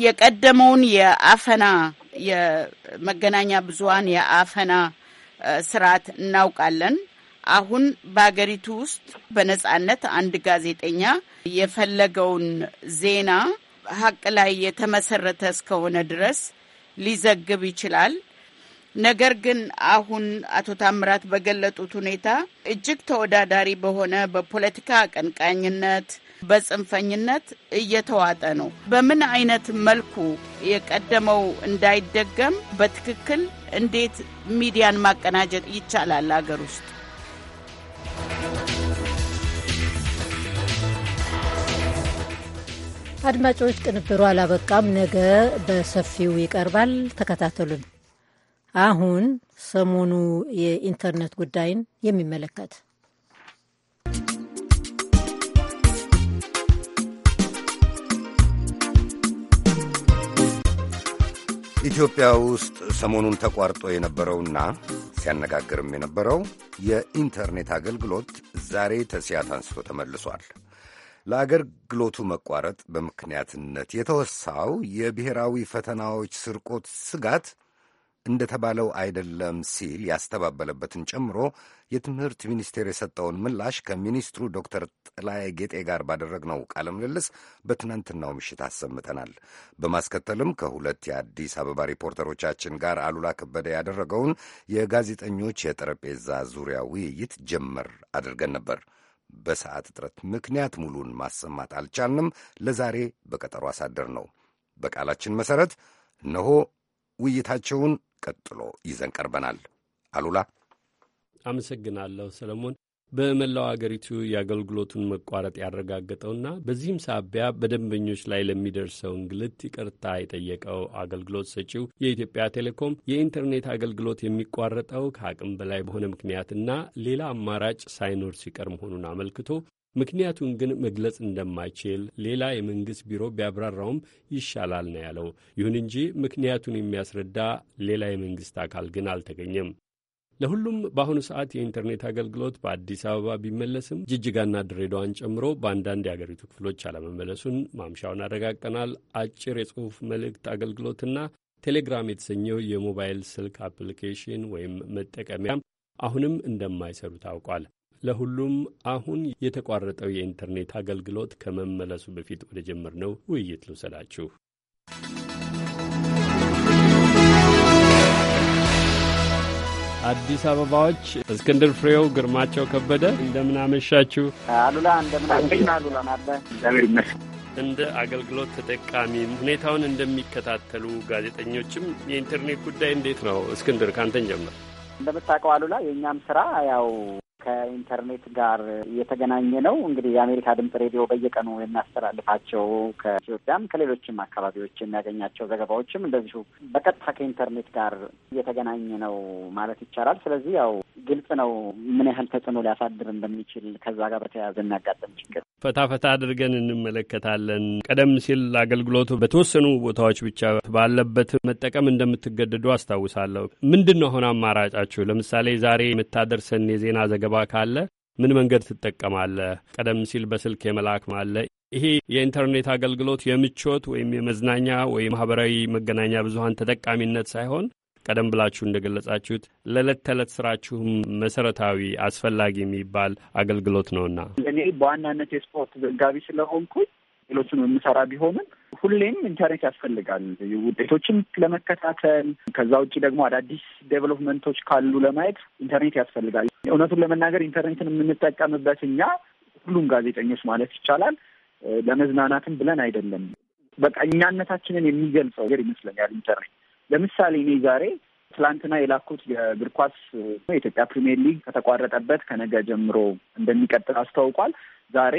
የቀደመውን የአፈና የመገናኛ ብዙኃን የአፈና ስርዓት እናውቃለን። አሁን በሀገሪቱ ውስጥ በነጻነት አንድ ጋዜጠኛ የፈለገውን ዜና ሀቅ ላይ የተመሰረተ እስከሆነ ድረስ ሊዘግብ ይችላል። ነገር ግን አሁን አቶ ታምራት በገለጡት ሁኔታ እጅግ ተወዳዳሪ በሆነ በፖለቲካ አቀንቃኝነት፣ በጽንፈኝነት እየተዋጠ ነው። በምን አይነት መልኩ የቀደመው እንዳይደገም በትክክል እንዴት ሚዲያን ማቀናጀት ይቻላል አገር ውስጥ? አድማጮች፣ ቅንብሩ አላበቃም። ነገ በሰፊው ይቀርባል። ተከታተሉን። አሁን ሰሞኑ የኢንተርኔት ጉዳይን የሚመለከት ኢትዮጵያ ውስጥ ሰሞኑን ተቋርጦ የነበረውና ሲያነጋግርም የነበረው የኢንተርኔት አገልግሎት ዛሬ ተስያት አንስቶ ተመልሷል። ለአገልግሎቱ መቋረጥ በምክንያትነት የተወሳው የብሔራዊ ፈተናዎች ስርቆት ስጋት እንደተባለው አይደለም ሲል ያስተባበለበትን ጨምሮ የትምህርት ሚኒስቴር የሰጠውን ምላሽ ከሚኒስትሩ ዶክተር ጥላዬ ጌጤ ጋር ባደረግነው ቃለ ምልልስ በትናንትናው ምሽት አሰምተናል። በማስከተልም ከሁለት የአዲስ አበባ ሪፖርተሮቻችን ጋር አሉላ ከበደ ያደረገውን የጋዜጠኞች የጠረጴዛ ዙሪያ ውይይት ጀመር አድርገን ነበር። በሰዓት እጥረት ምክንያት ሙሉን ማሰማት አልቻልንም። ለዛሬ በቀጠሮ አሳደር ነው። በቃላችን መሠረት እነሆ ውይይታቸውን ቀጥሎ ይዘን ቀርበናል። አሉላ አመሰግናለሁ ሰለሞን። በመላው አገሪቱ የአገልግሎቱን መቋረጥ ያረጋገጠውና በዚህም ሳቢያ በደንበኞች ላይ ለሚደርሰው እንግልት ይቅርታ የጠየቀው አገልግሎት ሰጪው የኢትዮጵያ ቴሌኮም የኢንተርኔት አገልግሎት የሚቋረጠው ከአቅም በላይ በሆነ ምክንያትና ሌላ አማራጭ ሳይኖር ሲቀር መሆኑን አመልክቶ ምክንያቱን ግን መግለጽ እንደማይችል ሌላ የመንግሥት ቢሮ ቢያብራራውም ይሻላል ነው ያለው። ይሁን እንጂ ምክንያቱን የሚያስረዳ ሌላ የመንግሥት አካል ግን አልተገኘም። ለሁሉም በአሁኑ ሰዓት የኢንተርኔት አገልግሎት በአዲስ አበባ ቢመለስም ጅጅጋና ድሬዳዋን ጨምሮ በአንዳንድ የአገሪቱ ክፍሎች አለመመለሱን ማምሻውን አረጋግጠናል። አጭር የጽሑፍ መልእክት አገልግሎትና ቴሌግራም የተሰኘው የሞባይል ስልክ አፕሊኬሽን ወይም መጠቀሚያም አሁንም እንደማይሰሩ ታውቋል። ለሁሉም አሁን የተቋረጠው የኢንተርኔት አገልግሎት ከመመለሱ በፊት ወደ ጀመርነው ውይይት ልውሰዳችሁ። አዲስ አበባዎች እስክንድር ፍሬው፣ ግርማቸው ከበደ እንደምናመሻችሁ። አሉላ እንደምናመሻ አሉላ እንደ አገልግሎት ተጠቃሚ ሁኔታውን እንደሚከታተሉ ጋዜጠኞችም የኢንተርኔት ጉዳይ እንዴት ነው? እስክንድር ካንተን ጀምር። እንደምታውቀው አሉላ የእኛም ስራ ያው ከኢንተርኔት ጋር የተገናኘ ነው። እንግዲህ የአሜሪካ ድምጽ ሬዲዮ በየቀኑ የሚያስተላልፋቸው ከኢትዮጵያም ከሌሎችም አካባቢዎች የሚያገኛቸው ዘገባዎችም እንደዚሁ በቀጥታ ከኢንተርኔት ጋር እየተገናኘ ነው ማለት ይቻላል። ስለዚህ ያው ግልጽ ነው ምን ያህል ተጽዕኖ ሊያሳድር እንደሚችል ከዛ ጋር በተያያዘ የሚያጋጥም ችግር ፈታ ፈታ አድርገን እንመለከታለን። ቀደም ሲል አገልግሎቱ በተወሰኑ ቦታዎች ብቻ ባለበት መጠቀም እንደምትገደዱ አስታውሳለሁ። ምንድን ነው አሁን አማራጫችሁ? ለምሳሌ ዛሬ የምታደርሰን የዜና ዘገባ ዘገባ ካለ ምን መንገድ ትጠቀማለህ? ቀደም ሲል በስልክ የመላክ ማለ ይሄ የኢንተርኔት አገልግሎት የምቾት ወይም የመዝናኛ ወይም ማህበራዊ መገናኛ ብዙሀን ተጠቃሚነት ሳይሆን ቀደም ብላችሁ እንደገለጻችሁት ለዕለት ተዕለት ስራችሁም መሰረታዊ አስፈላጊ የሚባል አገልግሎት ነውና እኔ በዋናነት የስፖርት ዘጋቢ ስለሆንኩኝ ሌሎችን የምሰራ ቢሆንም ሁሌም ኢንተርኔት ያስፈልጋል ውጤቶችን ለመከታተል። ከዛ ውጭ ደግሞ አዳዲስ ዴቨሎፕመንቶች ካሉ ለማየት ኢንተርኔት ያስፈልጋል። እውነቱን ለመናገር ኢንተርኔትን የምንጠቀምበት እኛ ሁሉም ጋዜጠኞች ማለት ይቻላል ለመዝናናትም ብለን አይደለም። በቃ እኛነታችንን የሚገልጸው ነገር ይመስለኛል ኢንተርኔት። ለምሳሌ እኔ ዛሬ ትላንትና የላኩት የእግር ኳስ የኢትዮጵያ ፕሪሚየር ሊግ ከተቋረጠበት ከነገ ጀምሮ እንደሚቀጥል አስታውቋል። ዛሬ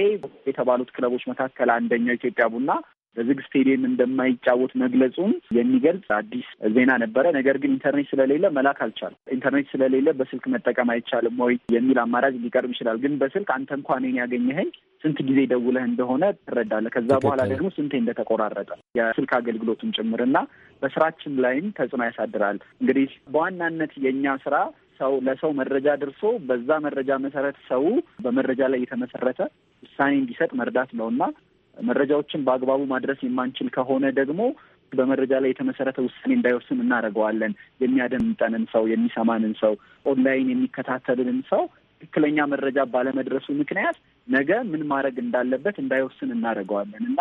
የተባሉት ክለቦች መካከል አንደኛው ኢትዮጵያ ቡና በዝግ ስቴዲየም እንደማይጫወት መግለጹን የሚገልጽ አዲስ ዜና ነበረ። ነገር ግን ኢንተርኔት ስለሌለ መላክ አልቻለም። ኢንተርኔት ስለሌለ በስልክ መጠቀም አይቻልም ወይ የሚል አማራጭ ሊቀርብ ይችላል። ግን በስልክ አንተ እንኳን እኔን ያገኘኸኝ ስንት ጊዜ ደውለህ እንደሆነ ትረዳለህ። ከዛ በኋላ ደግሞ ስንቴ እንደተቆራረጠ የስልክ አገልግሎቱም ጭምርና በስራችን ላይም ተጽዕኖ ያሳድራል። እንግዲህ በዋናነት የእኛ ስራ ሰው ለሰው መረጃ ደርሶ በዛ መረጃ መሰረት ሰው በመረጃ ላይ የተመሰረተ ውሳኔ እንዲሰጥ መርዳት ነው እና መረጃዎችን በአግባቡ ማድረስ የማንችል ከሆነ ደግሞ በመረጃ ላይ የተመሰረተ ውሳኔ እንዳይወስን እናደርገዋለን። የሚያደምጠንን ሰው፣ የሚሰማንን ሰው፣ ኦንላይን የሚከታተልንን ሰው ትክክለኛ መረጃ ባለመድረሱ ምክንያት ነገ ምን ማድረግ እንዳለበት እንዳይወስን እናደርገዋለን እና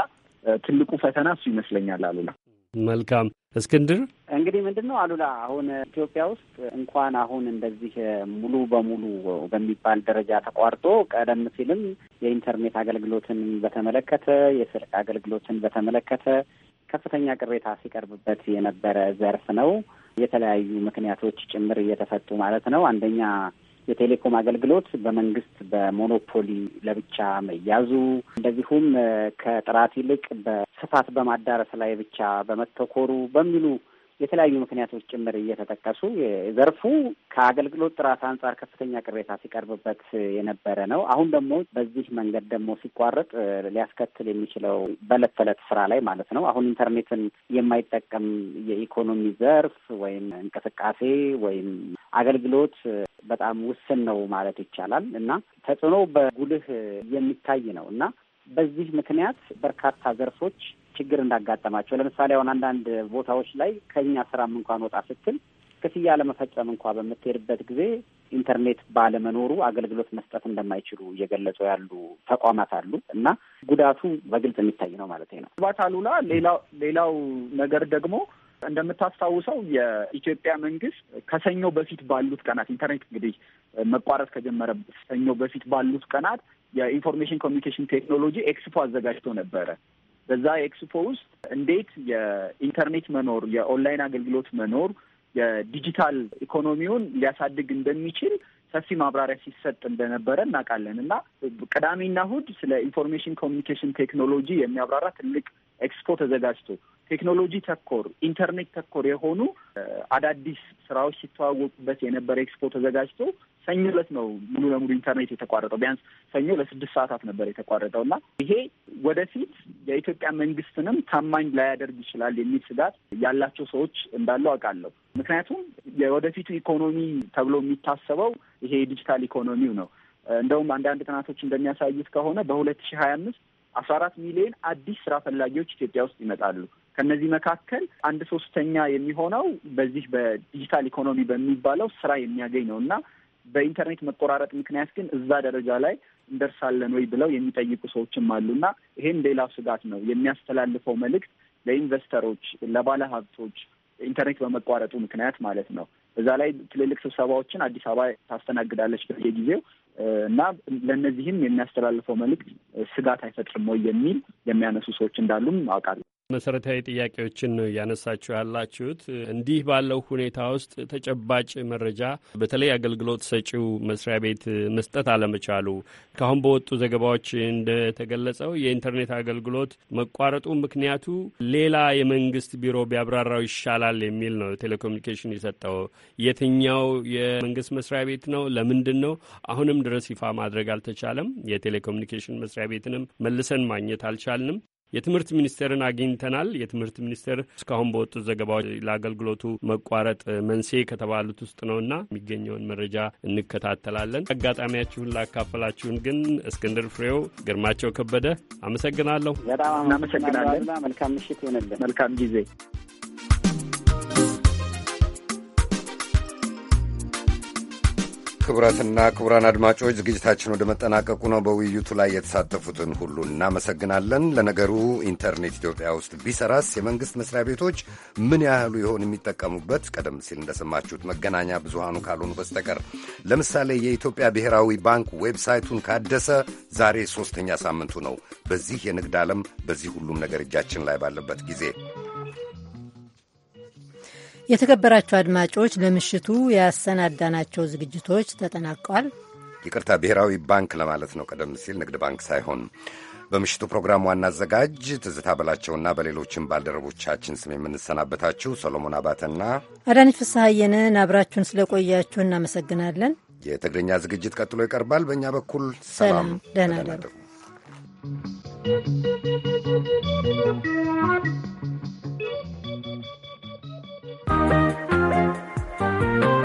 ትልቁ ፈተና እሱ ይመስለኛል። አሉላ መልካም እስክንድር እንግዲህ ምንድን ነው አሉላ፣ አሁን ኢትዮጵያ ውስጥ እንኳን አሁን እንደዚህ ሙሉ በሙሉ በሚባል ደረጃ ተቋርጦ ቀደም ሲልም የኢንተርኔት አገልግሎትን በተመለከተ የስልክ አገልግሎትን በተመለከተ ከፍተኛ ቅሬታ ሲቀርብበት የነበረ ዘርፍ ነው። የተለያዩ ምክንያቶች ጭምር እየተሰጡ ማለት ነው። አንደኛ የቴሌኮም አገልግሎት በመንግስት በሞኖፖሊ ለብቻ መያዙ፣ እንደዚሁም ከጥራት ይልቅ በስፋት በማዳረስ ላይ ብቻ በመተኮሩ በሚሉ የተለያዩ ምክንያቶች ጭምር እየተጠቀሱ ዘርፉ ከአገልግሎት ጥራት አንጻር ከፍተኛ ቅሬታ ሲቀርብበት የነበረ ነው። አሁን ደግሞ በዚህ መንገድ ደግሞ ሲቋረጥ ሊያስከትል የሚችለው በዕለት ተዕለት ስራ ላይ ማለት ነው። አሁን ኢንተርኔትን የማይጠቀም የኢኮኖሚ ዘርፍ ወይም እንቅስቃሴ ወይም አገልግሎት በጣም ውስን ነው ማለት ይቻላል እና ተጽዕኖ በጉልህ የሚታይ ነው እና በዚህ ምክንያት በርካታ ዘርፎች ችግር እንዳጋጠማቸው ለምሳሌ አሁን አንዳንድ ቦታዎች ላይ ከኛ ስራም እንኳን ወጣ ስትል ክፍያ ለመፈጸም እንኳ በምትሄድበት ጊዜ ኢንተርኔት ባለመኖሩ አገልግሎት መስጠት እንደማይችሉ እየገለጹ ያሉ ተቋማት አሉ እና ጉዳቱ በግልጽ የሚታይ ነው ማለት ነው። ባት አሉላ ሌላው ሌላው ነገር ደግሞ እንደምታስታውሰው የኢትዮጵያ መንግስት ከሰኞ በፊት ባሉት ቀናት ኢንተርኔት እንግዲህ መቋረጥ ከጀመረ ሰኞ በፊት ባሉት ቀናት የኢንፎርሜሽን ኮሚኒኬሽን ቴክኖሎጂ ኤክስፖ አዘጋጅቶ ነበረ። በዛ ኤክስፖ ውስጥ እንዴት የኢንተርኔት መኖር፣ የኦንላይን አገልግሎት መኖር የዲጂታል ኢኮኖሚውን ሊያሳድግ እንደሚችል ሰፊ ማብራሪያ ሲሰጥ እንደነበረ እናውቃለን እና ቅዳሜና እሁድ ስለ ኢንፎርሜሽን ኮሚኒኬሽን ቴክኖሎጂ የሚያብራራ ትልቅ ኤክስፖ ተዘጋጅቶ ቴክኖሎጂ ተኮር ኢንተርኔት ተኮር የሆኑ አዳዲስ ስራዎች ሲተዋወቁበት የነበረ ኤክስፖ ተዘጋጅቶ ሰኞ ዕለት ነው ሙሉ ለሙሉ ኢንተርኔት የተቋረጠው። ቢያንስ ሰኞ ለስድስት ሰዓታት ነበር የተቋረጠው እና ይሄ ወደፊት የኢትዮጵያ መንግስትንም ታማኝ ላያደርግ ይችላል የሚል ስጋት ያላቸው ሰዎች እንዳሉ አውቃለሁ። ምክንያቱም የወደፊቱ ኢኮኖሚ ተብሎ የሚታሰበው ይሄ የዲጂታል ኢኮኖሚው ነው። እንደውም አንዳንድ ጥናቶች እንደሚያሳዩት ከሆነ በሁለት ሺህ ሀያ አምስት አስራ አራት ሚሊዮን አዲስ ስራ ፈላጊዎች ኢትዮጵያ ውስጥ ይመጣሉ። ከእነዚህ መካከል አንድ ሶስተኛ የሚሆነው በዚህ በዲጂታል ኢኮኖሚ በሚባለው ስራ የሚያገኝ ነው እና በኢንተርኔት መቆራረጥ ምክንያት ግን እዛ ደረጃ ላይ እንደርሳለን ወይ ብለው የሚጠይቁ ሰዎችም አሉ እና ይሄም ሌላ ስጋት ነው። የሚያስተላልፈው መልእክት ለኢንቨስተሮች፣ ለባለ ሀብቶች ኢንተርኔት በመቋረጡ ምክንያት ማለት ነው። እዛ ላይ ትልልቅ ስብሰባዎችን አዲስ አበባ ታስተናግዳለች በየጊዜው እና ለእነዚህም የሚያስተላልፈው መልእክት ስጋት አይፈጥርም ወይ የሚል የሚያነሱ ሰዎች እንዳሉም አውቃለሁ። መሰረታዊ ጥያቄዎችን ነው እያነሳችሁ ያላችሁት። እንዲህ ባለው ሁኔታ ውስጥ ተጨባጭ መረጃ በተለይ አገልግሎት ሰጪው መስሪያ ቤት መስጠት አለመቻሉ፣ ካሁን በወጡ ዘገባዎች እንደተገለጸው የኢንተርኔት አገልግሎት መቋረጡ ምክንያቱ ሌላ የመንግስት ቢሮ ቢያብራራው ይሻላል የሚል ነው ቴሌኮሙኒኬሽን የሰጠው። የትኛው የመንግስት መስሪያ ቤት ነው? ለምንድን ነው አሁንም ድረስ ይፋ ማድረግ አልተቻለም? የቴሌኮሙኒኬሽን መስሪያ ቤትንም መልሰን ማግኘት አልቻልንም። የትምህርት ሚኒስቴርን አግኝተናል። የትምህርት ሚኒስቴር እስካሁን በወጡት ዘገባዎች ለአገልግሎቱ መቋረጥ መንስኤ ከተባሉት ውስጥ ነውና የሚገኘውን መረጃ እንከታተላለን። አጋጣሚያችሁን ላካፈላችሁን ግን እስክንድር ፍሬው፣ ግርማቸው ከበደ አመሰግናለሁ። በጣም አመሰግናለን። መልካም ምሽት ይሆንልን። መልካም ጊዜ ክቡራትና ክቡራን አድማጮች ዝግጅታችን ወደ መጠናቀቁ ነው። በውይይቱ ላይ የተሳተፉትን ሁሉ እናመሰግናለን። ለነገሩ ኢንተርኔት ኢትዮጵያ ውስጥ ቢሰራስ የመንግሥት መስሪያ ቤቶች ምን ያህሉ ይሆን የሚጠቀሙበት? ቀደም ሲል እንደሰማችሁት መገናኛ ብዙሃኑ ካልሆኑ በስተቀር ለምሳሌ የኢትዮጵያ ብሔራዊ ባንክ ዌብሳይቱን ካደሰ ዛሬ ሦስተኛ ሳምንቱ ነው። በዚህ የንግድ ዓለም በዚህ ሁሉም ነገር እጃችን ላይ ባለበት ጊዜ የተከበራቸው አድማጮች ለምሽቱ ያሰናዳናቸው ዝግጅቶች ተጠናቀዋል። ይቅርታ ብሔራዊ ባንክ ለማለት ነው፣ ቀደም ሲል ንግድ ባንክ ሳይሆን። በምሽቱ ፕሮግራም ዋና አዘጋጅ ትዝታ በላቸውና በሌሎችም ባልደረቦቻችን ስም የምንሰናበታችሁ ሰሎሞን አባተና አዳነች ፍስሐየንን አብራችሁን ስለቆያችሁ እናመሰግናለን። የትግርኛ ዝግጅት ቀጥሎ ይቀርባል። በእኛ በኩል ሰላም፣ ደህና you. Thank you.